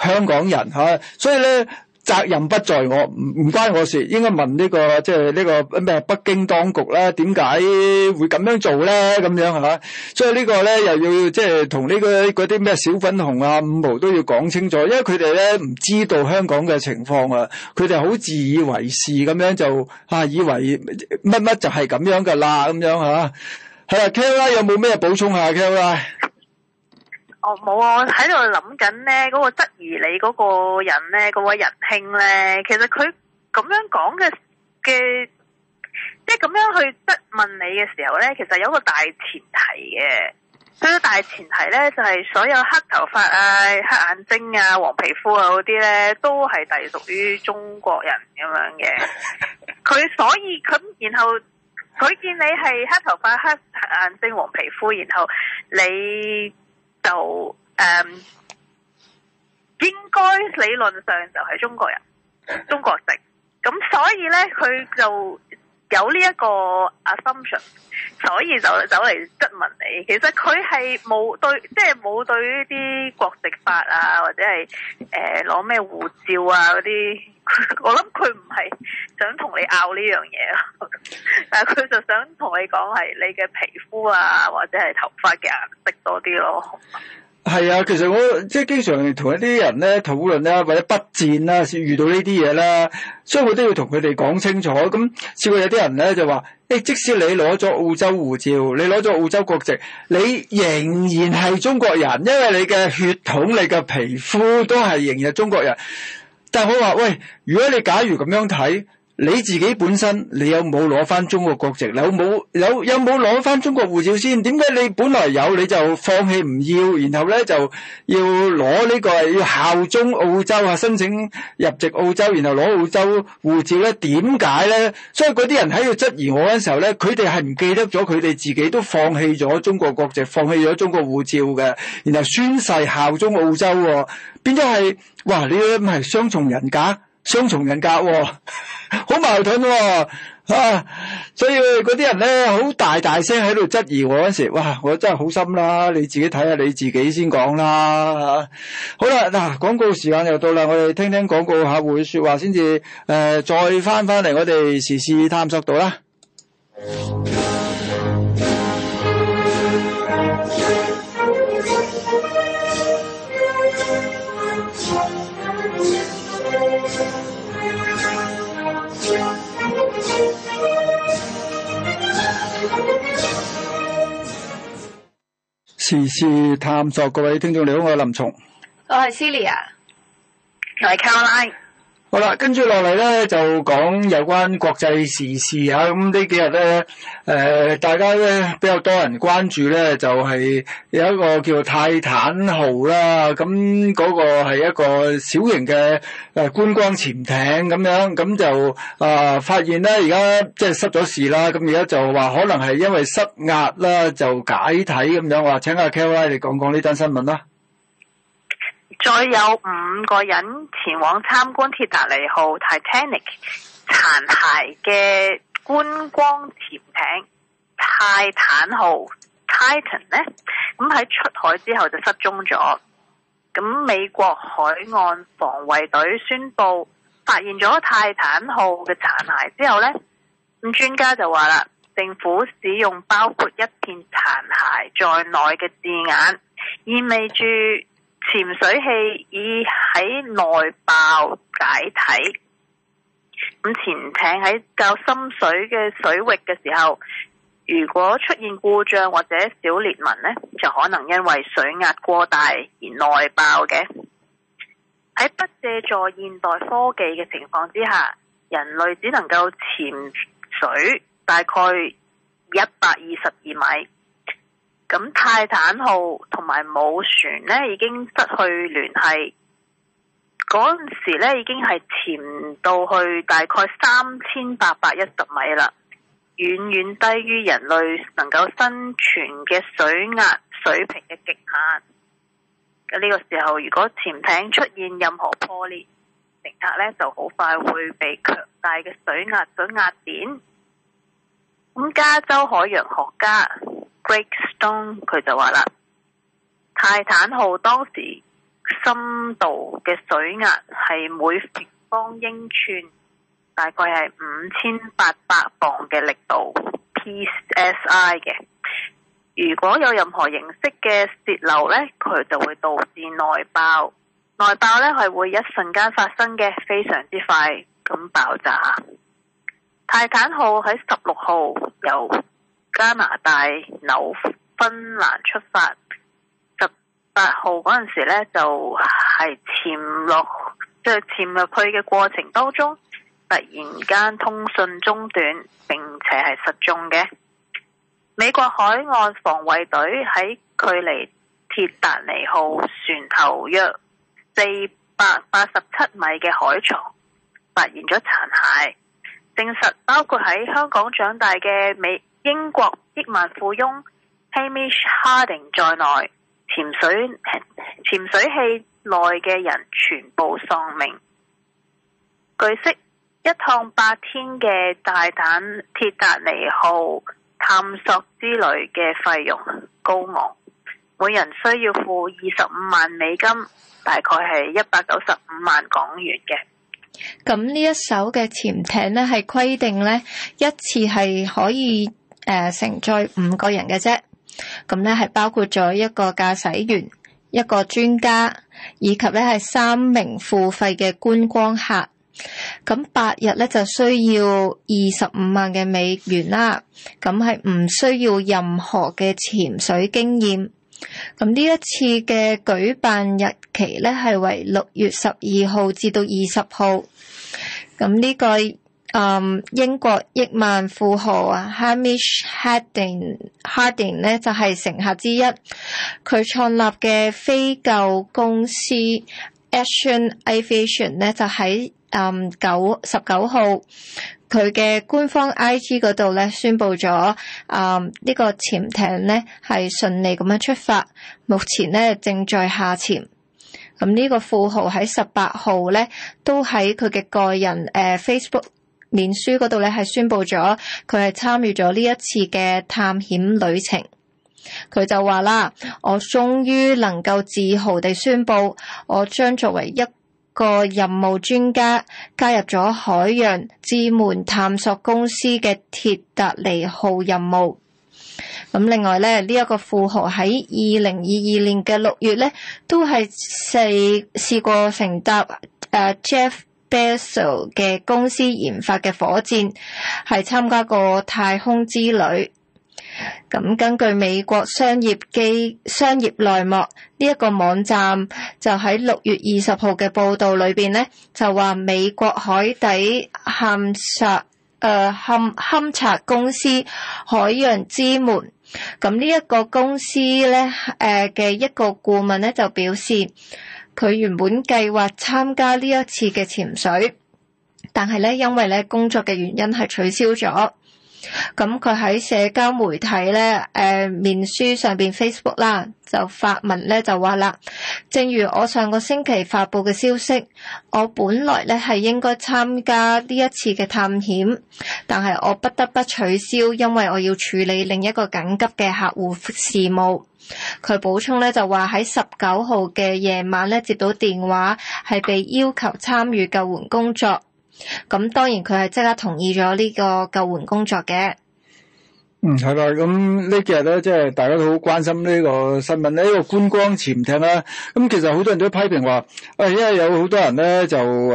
香港人吓、啊，所以咧責任不在我，唔唔關我事，應該問呢、呢個即係呢個咩北京當局啦，點解會咁樣做咧？咁樣吓、啊，所以個呢個咧又要即係同呢個嗰啲咩小粉紅啊、五毛都要講清楚，因為佢哋咧唔知道香港嘅情況啊，佢哋好自以為是咁樣就吓、啊、以為乜乜就係咁樣噶啦咁樣吓，係啊，啊，K 啦，有冇咩補充下 K 啦？我冇啊！我喺度諗緊咧，嗰、那個質疑你嗰個人咧，嗰位仁兄咧，其實佢咁樣講嘅嘅，即係咁樣去質問你嘅時候咧，其實有一個大前提嘅。呢個大前提咧，就係、是、所有黑頭髮啊、黑眼睛啊、黃皮膚啊嗰啲咧，都係隸屬於中國人咁樣嘅。佢 所以咁，然後佢見你係黑頭髮、黑眼睛、黃皮膚，然後你。就誒、um, 應該理論上就係中國人，中國籍。咁所以咧佢就有呢一個 assumption，所以就走嚟質問你。其實佢係冇對，即係冇對呢啲國籍法啊，或者係誒攞咩護照啊啲。 我諗佢唔係想同你拗呢樣嘢咯，但係佢就想同你講係你嘅皮膚啊，或者係頭髮嘅顏色多啲咯。係啊，其實我即係經常同一啲人咧討論啦，或者筆戰啦，遇到呢啲嘢啦，所以我都要同佢哋講清楚。咁試過有啲人咧就話：誒、欸，即使你攞咗澳洲護照，你攞咗澳洲國籍，你仍然係中國人，因為你嘅血統、你嘅皮膚都係仍然係中國人。但係我話，喂，如果你假如咁樣睇。你自己本身，你有冇攞翻中國國籍？你有冇有有冇攞翻中國護照先？點解你本來有你就放棄唔要，然後咧就要攞呢個係要效忠澳洲啊？申請入籍澳洲，然後攞澳洲護照咧？點解咧？所以嗰啲人喺度質疑我嗰陣時候咧，佢哋係唔記得咗佢哋自己都放棄咗中國國籍，放棄咗中國護照嘅，然後宣誓效忠澳洲喎、哦？變咗係哇？你係唔係雙重人格？雙重人格、哦，好 矛盾喎、哦，啊！所以嗰啲人咧，好大大聲喺度質疑我嗰時，哇！我真係好心啦，你自己睇下你自己先講啦，吓、啊！好啦，嗱、啊，廣告時間又到啦，我哋聽聽廣告客戶嘅說話先至，誒、呃，再翻翻嚟我哋時事探索度啦。 時事探索，各位聽眾你好，我係林松，我係 Celia，我係 Caroline。好啦，跟住落嚟咧就講有關國際時事吓，咁呢幾日咧，誒、呃，大家咧比較多人關注咧，就係、是、有一個叫泰坦號啦，咁嗰個係一個小型嘅誒觀光潛艇咁樣，咁就啊、呃、發現咧而家即係失咗事啦，咁而家就話可能係因為失壓啦，就解體咁樣，話請阿 Kelie 你講講呢單新聞啦。再有五個人前往參觀鐵達尼號 （Titanic） 殘骸嘅觀光潛艇泰坦號 （Titan） 呢，咁喺出海之後就失蹤咗。咁美國海岸防衛隊宣布發現咗泰坦號嘅殘骸之後呢，咁專家就話啦，政府使用包括一片殘骸在內嘅字眼，意味住，潛水器已喺內爆解體，咁潛艇喺較深水嘅水域嘅時候，如果出現故障或者小裂紋呢，就可能因為水壓過大而內爆嘅。喺不借助現代科技嘅情況之下，人類只能夠潛水大概一百二十二米。咁泰坦號同埋母船呢已經失去聯繫，嗰陣時咧已經係潛到去大概三千八百一十米啦，遠遠低於人類能夠生存嘅水壓水平嘅極限。咁呢個時候，如果潛艇出現任何破裂，乘客呢就好快會被強大嘅水壓水壓扁。咁加州海洋學家。Breakstone 佢就話啦，泰坦號當時深度嘅水壓係每平方英寸大概係五千八百磅嘅力度 （psi） 嘅。如果有任何形式嘅洩漏呢，佢就會導致內爆。內爆呢係會一瞬間發生嘅，非常之快咁爆炸。泰坦號喺十六號有。加拿大紐芬蘭出發十八號嗰陣時呢，就係潛落，即係潛入去嘅過程當中，突然間通訊中斷，並且係失蹤嘅。美國海岸防衛隊喺距離鐵達尼號船頭約四百八十七米嘅海床發現咗殘骸，證實包括喺香港長大嘅美。英國億萬富翁 Hamish Harding 在內，潛水潛水器內嘅人全部喪命。據悉一趟八天嘅大膽鐵達尼號探索之旅嘅費用高昂，每人需要付二十五萬美金，大概係一百九十五萬港元嘅。咁呢一艘嘅潛艇呢，係規定呢一次係可以。誒，承載、呃、五個人嘅啫，咁咧係包括咗一個駕駛員、一個專家，以及咧係三名付費嘅觀光客。咁、嗯、八日咧就需要二十五萬嘅美元啦，咁係唔需要任何嘅潛水經驗。咁、嗯、呢一次嘅舉辦日期咧係為六月十二號至到二十號，咁、嗯、呢、這個。Um, 英國億萬富豪啊，Hamish Harding Harding 呢就係、是、乘客之一。佢創立嘅非舊公司 Action Aviation 呢就喺九十九號。佢嘅官方 I G 嗰度呢宣佈咗，嗯、um, 呢個潛艇呢係順利咁樣出發，目前呢正在下潛。咁呢個富豪喺十八號呢都喺佢嘅個人誒、uh, Facebook。面書嗰度咧，係宣布咗佢係參與咗呢一次嘅探險旅程。佢就話啦，我終於能夠自豪地宣布，我將作為一個任務專家加入咗海洋智門探索公司嘅鐵達尼號任務。咁另外咧，呢一個富豪喺二零二二年嘅六月咧，都係試試過乘搭誒 Jeff。Bessel 嘅公司研發嘅火箭係參加過太空之旅。咁根據美國商業機商業內幕呢一個網站就喺六月二十號嘅報道裏邊呢，就話美國海底勘察，誒勘、勘察公司海洋之門。咁呢一個公司呢誒嘅、呃、一個顧問呢，就表示。佢原本計劃參加呢一次嘅潛水，但係咧因為咧工作嘅原因係取消咗。咁佢喺社交媒體咧，誒、呃、面書上邊 Facebook 啦，就發文咧就話啦：「正如我上個星期發布嘅消息，我本來咧係應該參加呢一次嘅探險，但係我不得不取消，因為我要處理另一個緊急嘅客戶事務」。佢補充咧，就話喺十九號嘅夜晚咧，接到電話係被要求參與救援工作，咁當然佢係即刻同意咗呢個救援工作嘅。嗯，係啦，咁呢幾日咧，即係大家都好關心呢個新聞咧，呢、這個觀光潛艇啦、啊。咁、嗯、其實好多人都批評話，啊、哎，因為有好多人咧就誒，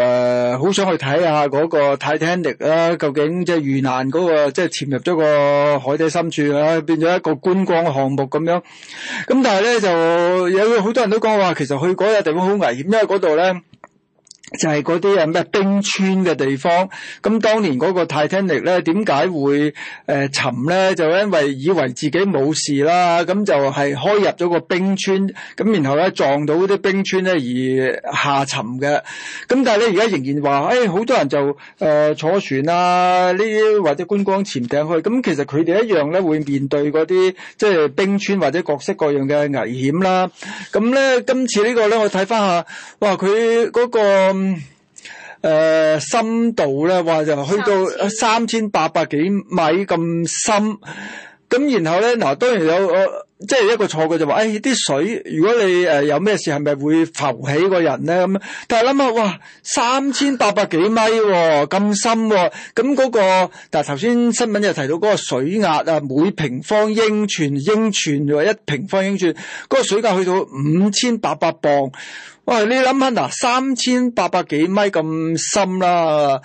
好、呃、想去睇下嗰個 Titanic 啦、啊，究竟即係遇難嗰個，即係潛入咗個海底深處啦、啊，變咗一個觀光項目咁樣，咁、嗯、但係咧就有好多人都講話，其實去嗰個地方好危險，因為嗰度咧。就係嗰啲啊咩冰川嘅地方，咁當年嗰個 Titanic 咧點解會誒、呃、沉咧？就因為以為自己冇事啦，咁就係開入咗個冰川，咁然後咧撞到啲冰川咧而下沉嘅。咁但係咧而家仍然話，誒、哎、好多人就誒、呃、坐船啊呢啲或者觀光潛艇去，咁其實佢哋一樣咧會面對嗰啲即係冰川或者各式各樣嘅危險啦。咁咧今次呢個咧我睇翻下，哇佢嗰個～嗯，誒、呃，深度咧話就去到三千八百幾米咁深，咁然後咧嗱，當然有即係一個錯嘅就話，誒、哎、啲水，如果你誒、呃、有咩事，係咪會浮起個人咧咁？但係諗下，哇，三千八百幾米咁、哦、深、哦，咁嗰，那個，但頭先新聞又提到嗰個水壓啊，每平方英寸英寸，一平方英寸，嗰，那個水壓去到五千八百磅。喂，你諗下嗱，三千八百幾米咁深啦，啊，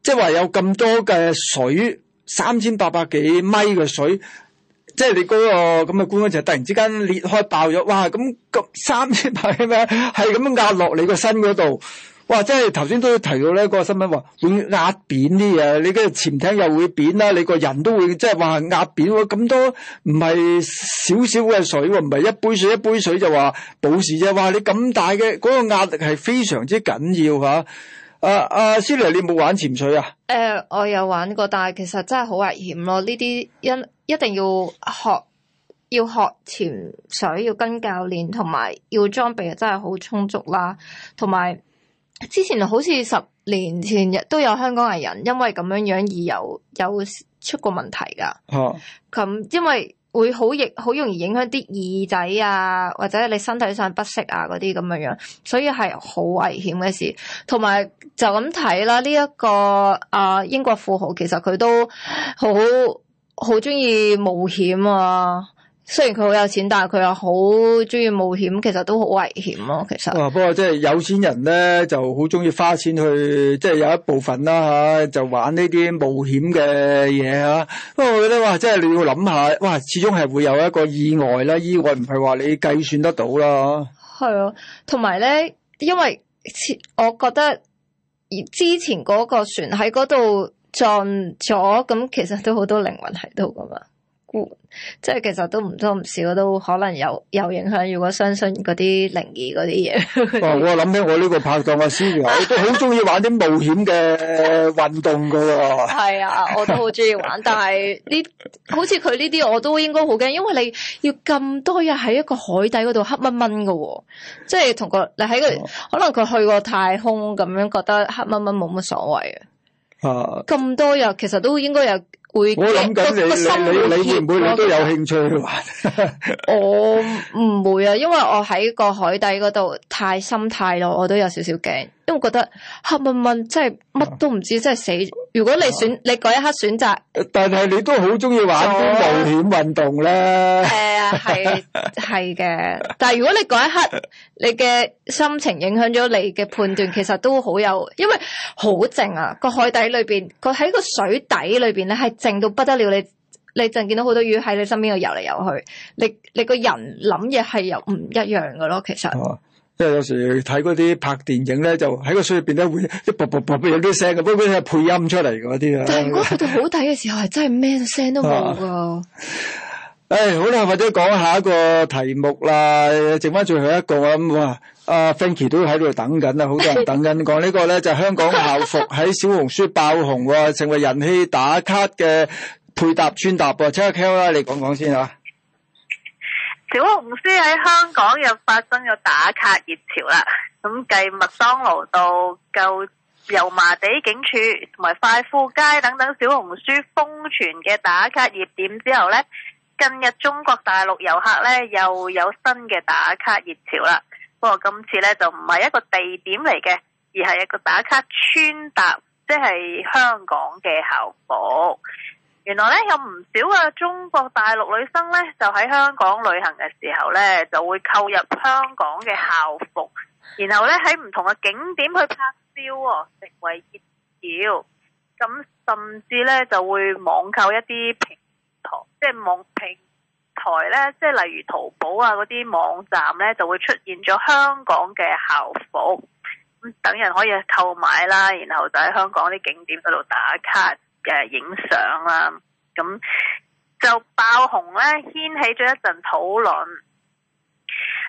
即係話有咁多嘅水，三千八百幾米嘅水，即係你嗰個咁嘅棺就突然之間裂開爆咗，哇！咁咁三千八百米係咁樣壓落你個身嗰度。哇！即係頭先都提到咧，嗰個新聞話會壓扁啲嘢，你嘅潛艇又會扁啦，你個人都會即係話壓扁咁多，唔係少少嘅水喎，唔係一杯水一杯水就話保時啫。哇！你咁大嘅嗰個壓力係非常之緊要嚇。阿阿斯雷，啊、Silly，你有冇玩潛水啊？誒、呃，我有玩過，但係其實真係好危險咯。呢啲一一定要學，要學潛水，要跟教練，同埋要裝備，真係好充足啦，同埋。之前好似十年前亦都有香港藝人因為咁樣樣而有有出過問題噶咁、啊、因為會好易好容易影響啲耳仔啊，或者你身體上不適啊嗰啲咁樣樣，所以係好危險嘅事。同埋就咁睇啦，呢、這、一個啊英國富豪其實佢都好好中意冒險啊。雖然佢好有錢，但係佢又好中意冒險，其實都好危險咯、啊。嗯啊、其實，哇、啊！不過即係有錢人咧，就好中意花錢去，即、就、係、是、有一部分啦、啊、吓、啊，就玩險、啊、呢啲冒險嘅嘢吓。不過我覺得哇，即、就、係、是、你要諗下，哇，始終係會有一個意外啦，意外唔係話你計算得到啦。係啊，同埋咧，因為我覺得而之前嗰個船喺嗰度撞咗，咁其實都好多靈魂喺度噶嘛。嗯、即係其實都唔多唔少都可能有有影響。如果相信嗰啲靈異嗰啲嘢，我諗起我呢個拍檔阿思源， 我都好中意玩啲冒險嘅運動㗎。係啊，我都好中意玩，但係呢， 好似佢呢啲，我都應該好驚，因為你要咁多日喺一個海底嗰度黑蚊蚊㗎，即係同個你喺個、啊、可能佢去過太空咁樣，覺得黑蚊蚊冇乜所謂啊。咁多日其實都應該有。會我諗緊你，你，你你會唔會你都有興趣玩 ？我唔會啊，因為我喺個海底嗰度太深太耐，我都有少少驚。因為我覺得黑悶悶，真係乜都唔知，真係死。如果你選，啊、你嗰一刻選擇，但係你都好中意玩冒險運動啦。誒、哦，係係嘅。 但係如果你嗰一刻你嘅心情影響咗你嘅判斷，其實都好有，因為好靜啊。個海底裏邊，佢喺個水底裏邊咧，係靜到不得了。你你仲見到好多魚喺你身邊度游嚟游去，你你個人諗嘢係又唔一樣噶咯，其實。啊即係有時睇嗰啲拍電影咧，就喺個書入邊咧，會一啵啵啵有啲聲嘅，嗰啲係配音出嚟嗰啲啊。但係如果佢哋好睇嘅時候，係 真係咩聲都冇噶。誒、啊，好啦，或者講下一個題目啦，剩翻最後一個啊咁啊，阿 Fancy 都喺度等緊啊。好多人等緊。講 呢個咧就是、香港校服喺小紅書爆紅， 成為人氣打卡嘅配搭穿搭啊 Charles 啦，你講講先吓。小紅書喺香港又發生咗打卡熱潮啦，咁繼麥當勞到舊油麻地警署同埋快富街等等小紅書瘋傳嘅打卡熱點之後呢，近日中國大陸遊客呢又有新嘅打卡熱潮啦。不過今次呢就唔係一個地點嚟嘅，而係一個打卡穿搭，即係香港嘅校服。原來咧有唔少嘅中國大陸女生咧，就喺香港旅行嘅時候咧，就會購入香港嘅校服，然後咧喺唔同嘅景點去拍照，哦，成為熱潮。咁甚至咧就會網購一啲平台，即係網平台咧，即係例如淘寶啊嗰啲網站咧，就會出現咗香港嘅校服，咁等人可以購買啦，然後就喺香港啲景點嗰度打卡，嘅影相啦，咁就爆紅咧，掀起咗一陣討論。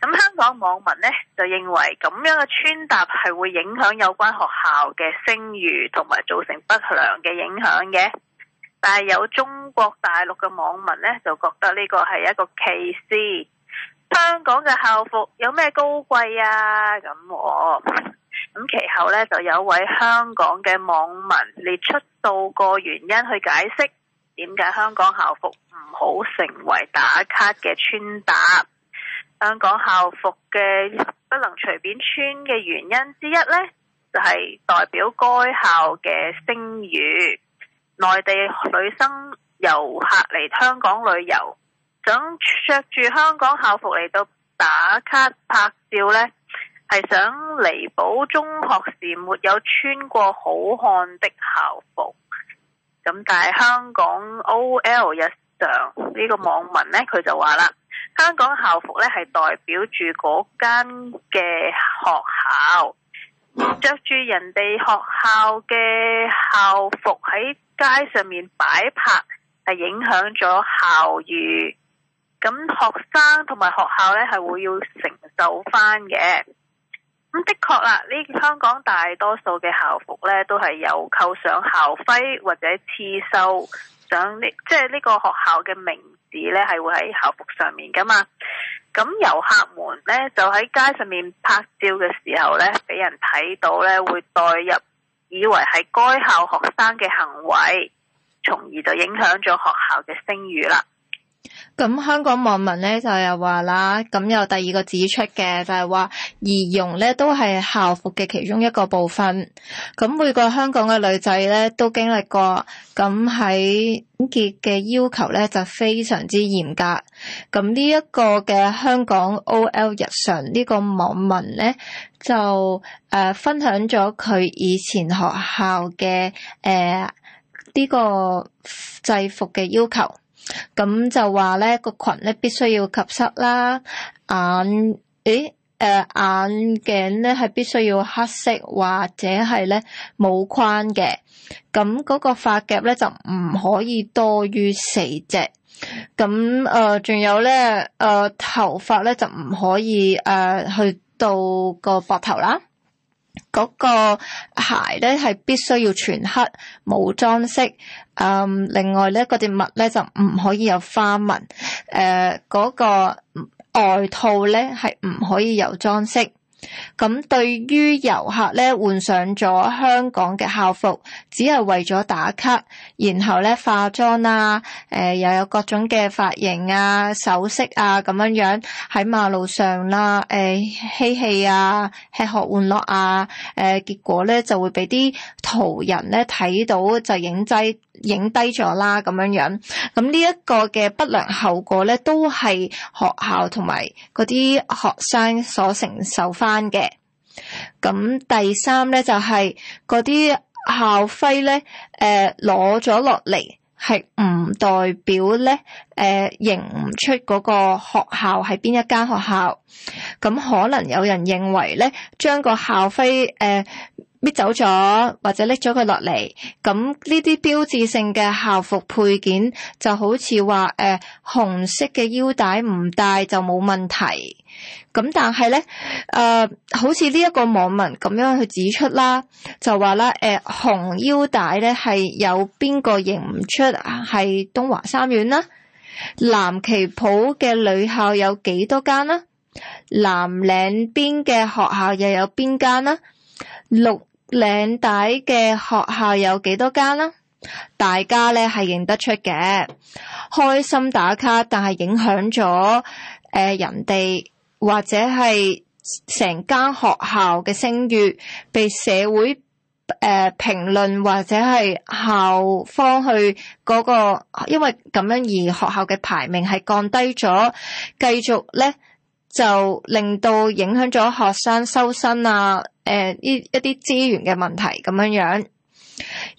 咁香港網民呢，就認為咁樣嘅穿搭係會影響有關學校嘅聲譽，同埋造成不良嘅影響嘅。但係有中國大陸嘅網民呢，就覺得呢個係一個歧視。香港嘅校服有咩高貴啊？咁我。咁其後咧，就有位香港嘅網民列出到個原因去解釋點解香港校服唔好成為打卡嘅穿搭。香港校服嘅不能隨便穿嘅原因之一咧，就係代表該校嘅聲譽。內地女生遊客嚟香港旅遊，想着住香港校服嚟到打卡拍照咧。係想彌補中學時沒有穿過好看的校服，咁但係香港 OL 日常，呢個網民呢，佢就話啦：香港校服呢，係代表住嗰間嘅學校，着住人哋學校嘅校服喺街上面擺拍，係影響咗校譽，咁學生同埋學校呢，係會要承受翻嘅。咁的確啦，呢香港大多數嘅校服呢，都係由扣上校徽或者刺繡，上呢即係呢個學校嘅名字呢，係會喺校服上面㗎嘛。咁遊客們呢，就喺街上面拍照嘅時候呢，俾人睇到呢，會代入以為係該校學生嘅行為，從而就影響咗學校嘅聲譽啦。咁香港網民咧就又話啦，咁有第二個指出嘅，就係話儀容咧都係校服嘅其中一個部分。咁每個香港嘅女仔咧都經歷過，咁喺整潔嘅要求咧就非常之嚴格。咁呢一個嘅香港 O L 日常呢個網民咧就誒、呃、分享咗佢以前學校嘅誒呢個制服嘅要求。咁就話咧個裙咧必須要及膝啦，眼誒誒、欸呃、眼鏡咧係必須要黑色或者係咧冇框嘅。咁嗰個髮夾咧就唔可以多於四隻。咁誒，仲、呃、有咧誒、呃、頭髮咧就唔可以誒、呃、去到個膊頭啦。嗰個鞋咧係必須要全黑，冇裝飾。嗯，另外咧嗰啲襪咧就唔可以有花紋。誒、呃，嗰、嗰個外套咧係唔可以有裝飾。咁對於遊客咧，換上咗香港嘅校服，只係為咗打卡，然後咧化妝啦、啊，誒、呃、又有各種嘅髮型啊、首飾啊咁樣樣喺馬路上啦，誒、呃、嬉戲，戲啊、吃喝玩樂啊，誒、呃、結果咧就會俾啲途人咧睇到就影低影低咗啦，咁樣樣，咁呢一個嘅不良後果咧，都係學校同埋嗰啲學生所承受翻。嘅，咁第三咧就係嗰啲校徽咧，誒、呃，攞咗落嚟係唔代表咧，誒、呃，認唔出嗰個學校係邊一間學校，咁可能有人認為咧，將個校徽誒。呃搣走咗或者拎咗佢落嚟，咁呢啲標誌性嘅校服配件就好似話，誒、呃，紅色嘅腰帶唔帶就冇問題。咁但係咧，誒、呃，好似呢一個網民咁樣去指出啦，就話啦，誒、呃，紅腰帶咧係有邊個認唔出係東華三院啦？藍旗袍嘅女校有幾多間呢？南嶺邊嘅學校又有邊間呢？」綠領帶嘅學校有幾多間啦？大家咧係認得出嘅，開心打卡，但係影響咗誒人哋或者係成間學校嘅聲譽，被社會誒評論或者係校方去嗰個，因為咁樣而學校嘅排名係降低咗，繼續咧。就令到影響咗學生修身啊，誒、呃、呢一啲資源嘅問題咁樣樣。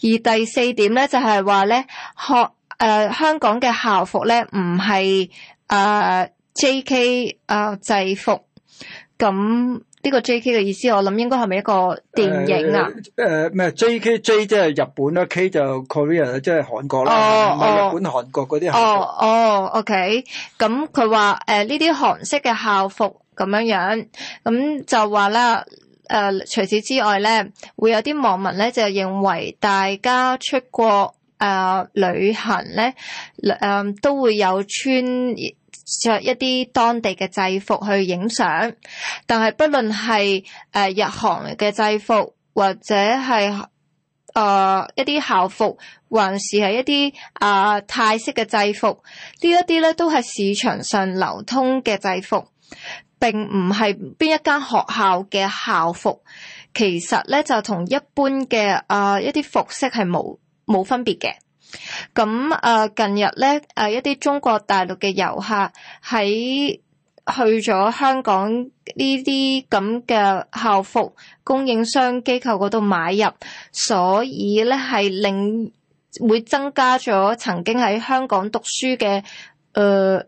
而第四點咧就係話咧，學誒、呃、香港嘅校服咧唔係誒 J.K.、呃、制服咁。呢個 J.K 嘅意思，我諗應該係咪一個電影啊？誒，咩 J.K.J 即係日本啦，K 就 Korea 即係韓國啦。哦哦。日本韓國嗰啲校服。哦哦，OK。咁佢話誒呢啲韓式嘅校服咁樣樣，咁、嗯、就話啦。誒除此之外咧，會有啲網民咧就認為大家出國誒、呃、旅行咧誒、呃、都會有穿着一啲當地嘅制服去影相，但係不論係誒日韓嘅制服，或者係誒、呃、一啲校服，還是係一啲啊、呃、泰式嘅制服，呢一啲咧都係市場上流通嘅制服，並唔係邊一間學校嘅校服。其實咧就同一般嘅誒、呃、一啲服飾係冇冇分別嘅。咁誒，近日咧誒，一啲中國大陸嘅遊客喺去咗香港呢啲咁嘅校服供應商機構嗰度買入，所以咧係令會增加咗曾經喺香港讀書嘅誒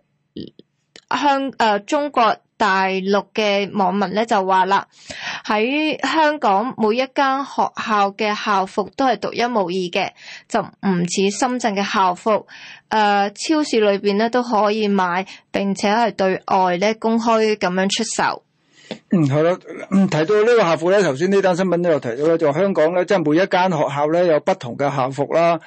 香誒中國。大陸嘅網民咧就話啦，喺香港每一間學校嘅校服都係獨一無二嘅，就唔似深圳嘅校服。誒、呃，超市裏邊咧都可以買，並且係對外咧公開咁樣出售。嗯，係咯，提到呢個校服咧，頭先呢單新聞都有提到咧，就是、香港咧，即係每一間學校咧有不同嘅校服啦。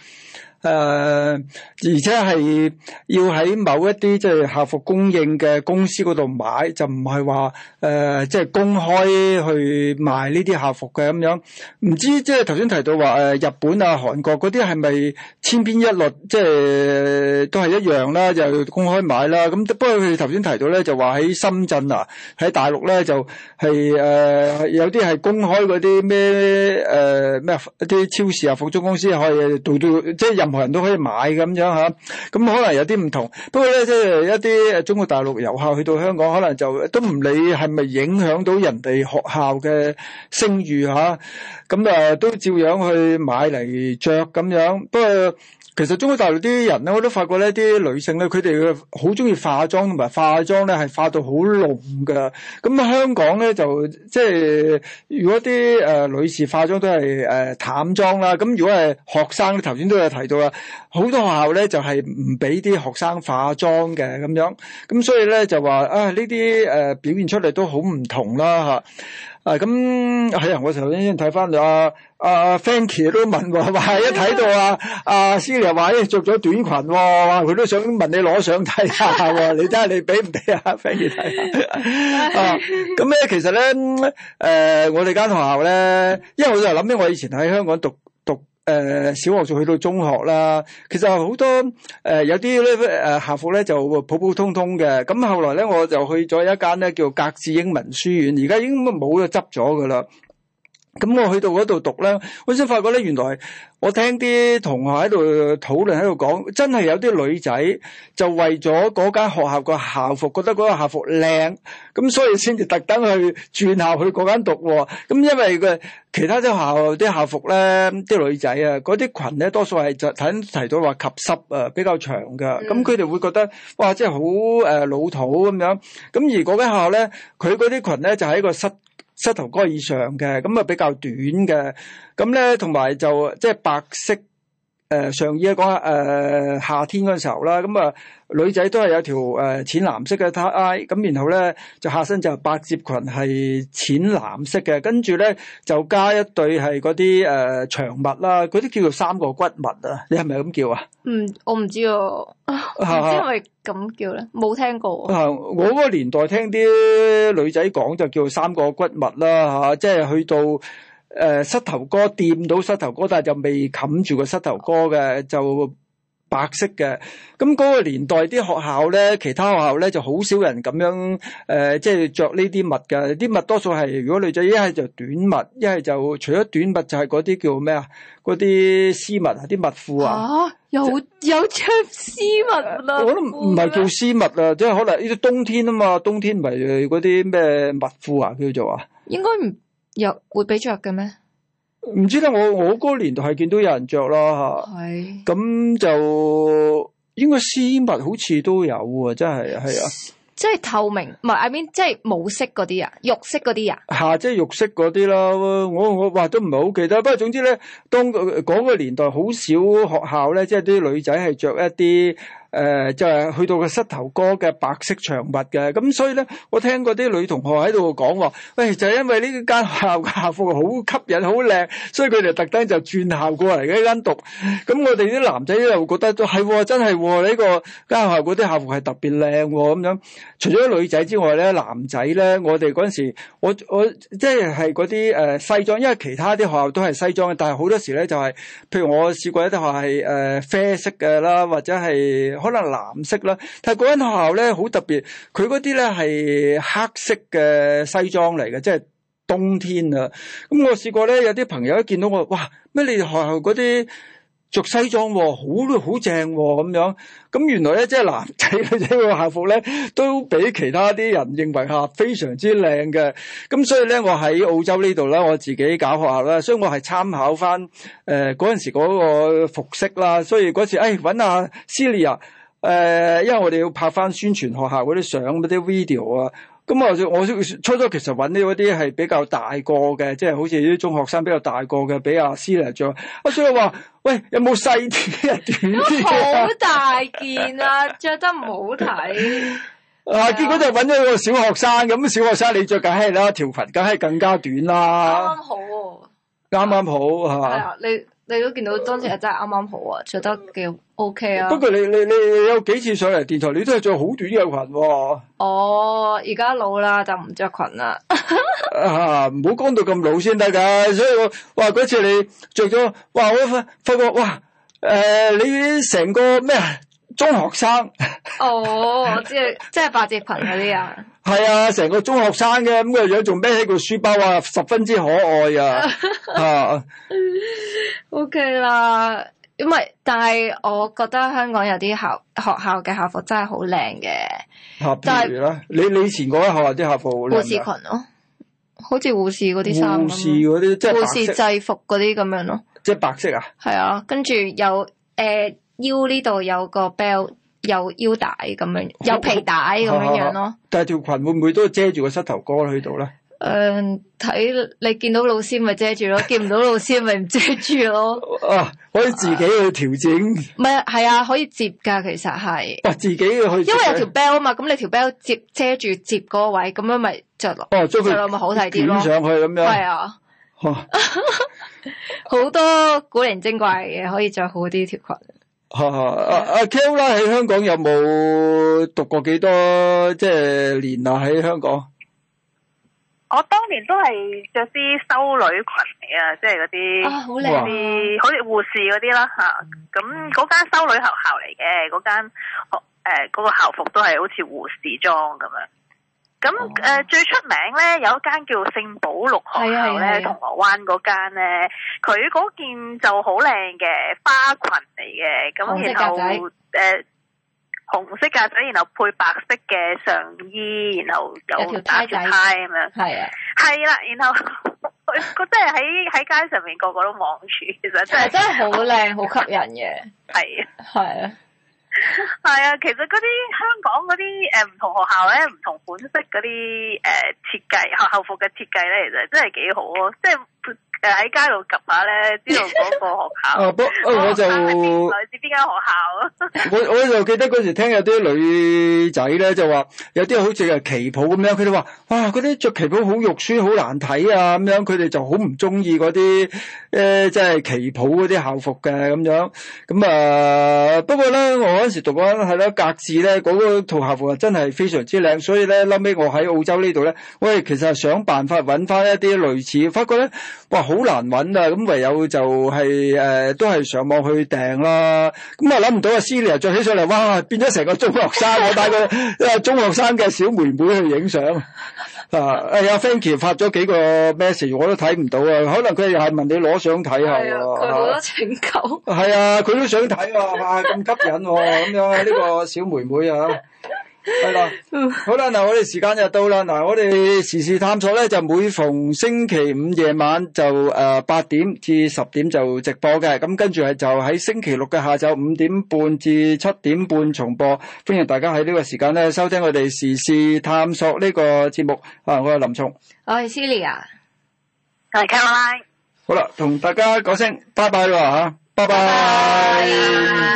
誒、呃，而且係要喺某一啲即係校服供應嘅公司嗰度買，就唔係話誒即係公開去賣呢啲校服嘅咁樣。唔知即係頭先提到話誒、呃、日本啊、韓國嗰啲係咪千篇一律，即、就、係、是、都係一樣啦，就是、公開買啦。咁不過佢頭先提到咧，就話喺深圳啊，喺大陸咧就係、是、誒、呃、有啲係公開嗰啲咩誒咩一啲超市啊、服裝公司可以到到即係任人都可以買咁樣嚇，咁可能有啲唔同。不過咧，即係一啲誒中國大陸遊客去到香港，可能就都唔理係咪影響到人哋學校嘅聲譽嚇，咁誒都照樣去買嚟著咁樣。不過，其實中國大陸啲人咧，我都發覺呢啲女性咧，佢哋好中意化妝，同埋化妝咧係化到好濃噶。咁香港咧就即係如果啲誒、呃、女士化妝都係誒、呃、淡妝啦。咁如果係學生，頭先都有提到啦，好多學校咧就係唔俾啲學生化妝嘅咁樣。咁所以咧就話啊呢啲誒表現出嚟都好唔同啦吓。啊啊，咁係啊！我頭先睇翻阿阿 Fancy 都問喎，話一睇到啊阿 Sir 又話，誒、哎，着咗短裙喎，佢、啊、都想問你攞相睇下你睇下你俾唔俾啊？Fancy 睇下啊！咁咧、啊啊、其實咧，誒、呃，我哋間學校咧，因為我又諗起我以前喺香港讀。誒、呃，小學就去到中學啦。其實好多誒、呃，有啲咧誒，校、呃、服咧就普普通通嘅。咁、嗯、後來咧，我就去咗一間咧，叫格致英文書院。而家已經冇咗執咗噶啦。咁我去到嗰度讀咧，我先發覺咧，原來我聽啲同學喺度討論，喺度講，真係有啲女仔就為咗嗰間學校個校服，覺得嗰個校服靚，咁所以先至特登去轉校去嗰間讀、哦。咁因為佢其他啲校啲校服咧，啲女仔啊，嗰啲裙咧，多數係就頭先提到話及膝啊，比較長噶，咁佢哋會覺得哇，即係好誒老土咁樣。咁而嗰間校咧，佢嗰啲裙咧就係一個濕。膝頭哥以上嘅，咁、嗯、啊比較短嘅，咁咧同埋就即係、就是、白色。誒、呃，上衣啊，講下誒，夏天嗰陣時候啦，咁、呃、啊，女仔都係有條誒淺藍色嘅 tie，咁然後咧就下身就白折裙係淺藍色嘅，跟住咧就加一對係嗰啲誒長襪啦，嗰啲叫做三個骨襪啊？你係咪咁叫啊？嗯，我唔知啊，唔知係咁叫咧，冇聽過。我嗰個年代聽啲女仔講就叫三個骨襪啦，吓、啊，即係去到。誒、呃，膝頭哥掂到膝頭哥，但係就未冚住個膝頭哥嘅，就白色嘅。咁嗰個年代啲學校咧，其他學校咧就好少人咁樣，誒、呃，即係着呢啲襪㗎。啲襪多數係如果女仔一係就短襪，一係就除咗短襪就係嗰啲叫咩啊？嗰啲絲襪啊，啲襪褲啊。啊，有有着絲襪啦。我都唔係叫做絲襪啦、啊，即係可能呢啲冬天啊嘛，冬天咪嗰啲咩襪褲啊叫做啊。應該唔。又會俾着嘅咩？唔知啦，我我嗰個年代係見到有人着啦吓，咁係就應該絲襪好似都有啊，真係啊，係啊，即係透明，唔係，I mean，即係冇色嗰啲啊，肉色嗰啲啊，吓、啊，即係肉色嗰啲啦，我我哇都唔係好記得，不過總之咧，當嗰個年代好少學校咧，即係啲女仔係着一啲。誒、呃、就係、是、去到個膝頭哥嘅白色長襪嘅，咁所以咧，我聽過啲女同學喺度講話，喂、哎，就係、是、因為呢間學校嘅校服好吸引、好靚，所以佢哋特登就轉校過嚟呢間讀。咁我哋啲男仔又覺得都係、哦、真係呢、哦呢個間學校嗰啲校服係特別靚咁樣。除咗女仔之外咧，男仔咧，我哋嗰陣時，我我即係係嗰啲誒西裝，因為其他啲學校都係西裝嘅，但係好多時咧就係、是，譬如我試過一啲學校係誒、呃、啡色嘅啦，或者係。可能藍色啦，但係嗰間學校咧好特別。佢嗰啲咧係黑色嘅西裝嚟嘅，即係冬天啊。咁我試過咧，有啲朋友一見到我，哇，咩你哋學校嗰啲？着西裝喎、哦，好好正喎、哦，咁樣咁原來咧，即係男仔女仔個校服咧，都俾其他啲人認為吓非常之靚嘅。咁所以咧，我喺澳洲呢度咧，我自己搞學校咧，所以我係參考翻誒嗰陣時嗰個服飾啦。所以嗰時誒搵、哎、阿 Celia，誒、呃，因為我哋要拍翻宣傳學校嗰啲相，嗰啲 video 啊。咁、嗯、我我初初其實揾呢一啲係比較大個嘅，即、就、係、是、好似啲中學生比較大個嘅，俾阿思嚟著。阿思六話，喂，有冇細啲一短啲好大件啊，着 得唔好睇。嗱、啊、啊、結果就揾咗個小學生，咁小學生你着梗係啦，嗯、條裙梗係更加短啦、啊。啱啱好，啊啊、好。啱啱好係嘛？你。你都見到當時係真係啱啱好啊，着得幾 OK 啊！不過你你你有幾次上嚟電台，你都係着好短嘅裙喎、啊。哦，而家老啦，就唔着裙啦。啊，唔好講到咁老先得噶，所以我哇嗰次你着咗，哇我發覺哇，誒、呃、你成個咩中學生？ 哦，我知，即係即係百褶裙嗰啲啊！ 係啊，成個中學生嘅、咁，這個樣，仲孭起個書包啊，十分之可愛啊！ 啊，OK 啦，因為但係我覺得香港有啲校、學校嘅校服真係好靚嘅。校、譬、啊、如，是你你以前嗰間學校啲校服護士裙咯，啊，好似護士嗰啲衫。護士嗰啲，即係護士制服嗰啲咁樣咯，啊。即係白色啊？係啊，跟住有誒腰呢度有個 belt。有腰帶咁樣，有皮帶咁、啊、樣樣咯。但係條裙會唔會都遮住個膝頭哥去到咧？誒、嗯，睇你見到老師咪遮住咯， 見唔到老師咪唔遮住咯。哦、啊，可以自己去調整。唔係、啊，係啊，可以接噶，其實係。啊，自己去。因為有條 belt 啊嘛，咁你條 belt 接遮住接嗰個位，咁樣咪着落。哦、啊，着落咪好睇啲咯。點上去咁樣？係啊。好多古靈精怪嘅可以着好啲條裙。吓吓，阿阿、嗯啊、k o 喺香港有冇讀過幾多即係、就是、年啊？喺香港，我當年都係着啲修女裙嚟啊，即係嗰啲好似護士嗰啲啦吓。咁嗰間修女學校嚟嘅，嗰間誒嗰個校服都係好似護士裝咁樣。咁誒最出名咧有一間叫聖保祿學校咧，銅鑼灣間咧，佢嗰件就好靚嘅花裙嚟嘅，咁然後誒紅色格仔，然後配白色嘅上衣，然後有條帶仔咁樣，係啊，係啦，然後佢佢真係喺喺街上面個個都望住，其實真係真係好靚好吸引嘅，係啊，係啊。係 啊，其實嗰啲香港嗰啲誒唔同學校咧，唔同款式嗰啲誒設計，學校服嘅設計咧，其實真係幾好啊，即係。喺街度 𥄫 下咧，知道嗰個學校。 啊不，我就嚟自邊間學校？ 我我就記得嗰時聽有啲女仔咧，就話有啲好似誒旗袍咁樣。佢哋話：哇，嗰啲着旗袍好肉酸，好難睇啊！咁樣佢哋就好唔中意嗰啲誒，即、呃、係旗袍嗰啲校服嘅咁樣。咁、嗯、啊、呃，不過咧，我嗰時讀緊係咯，格致咧嗰套校服啊，真係非常之靚。所以咧，後屘我喺澳洲呢度咧，喂，其實係想辦法揾翻一啲類似，發覺咧。好難揾啊！咁唯有就係、是、誒、呃，都係上網去訂啦。咁啊諗唔到阿 Cleo 着起上嚟，哇，變咗成個中學生，我帶 個啊中學生嘅小妹妹去影相。啊，阿、哎 啊、Fancy 發咗幾個 message，我都睇唔到啊。可能佢又係問你攞相睇下喎。攞咗請求。係啊，佢都想睇啊。咁、啊、吸引喎，咁樣啊、呢、啊這個小妹妹，妹啊。係啦，好啦，嗱，我哋時間就到啦。嗱，我哋時事探索咧就每逢星期五夜晚就誒八點至十點就直播嘅，咁跟住係就喺星期六嘅下晝五點半至七點半重播。歡迎大家喺呢個時間咧收聽我哋時事探索呢個節目。啊，我係林松，我係 Celia，我係 Caroline。好啦，同大家講聲拜拜啦，吓，拜拜。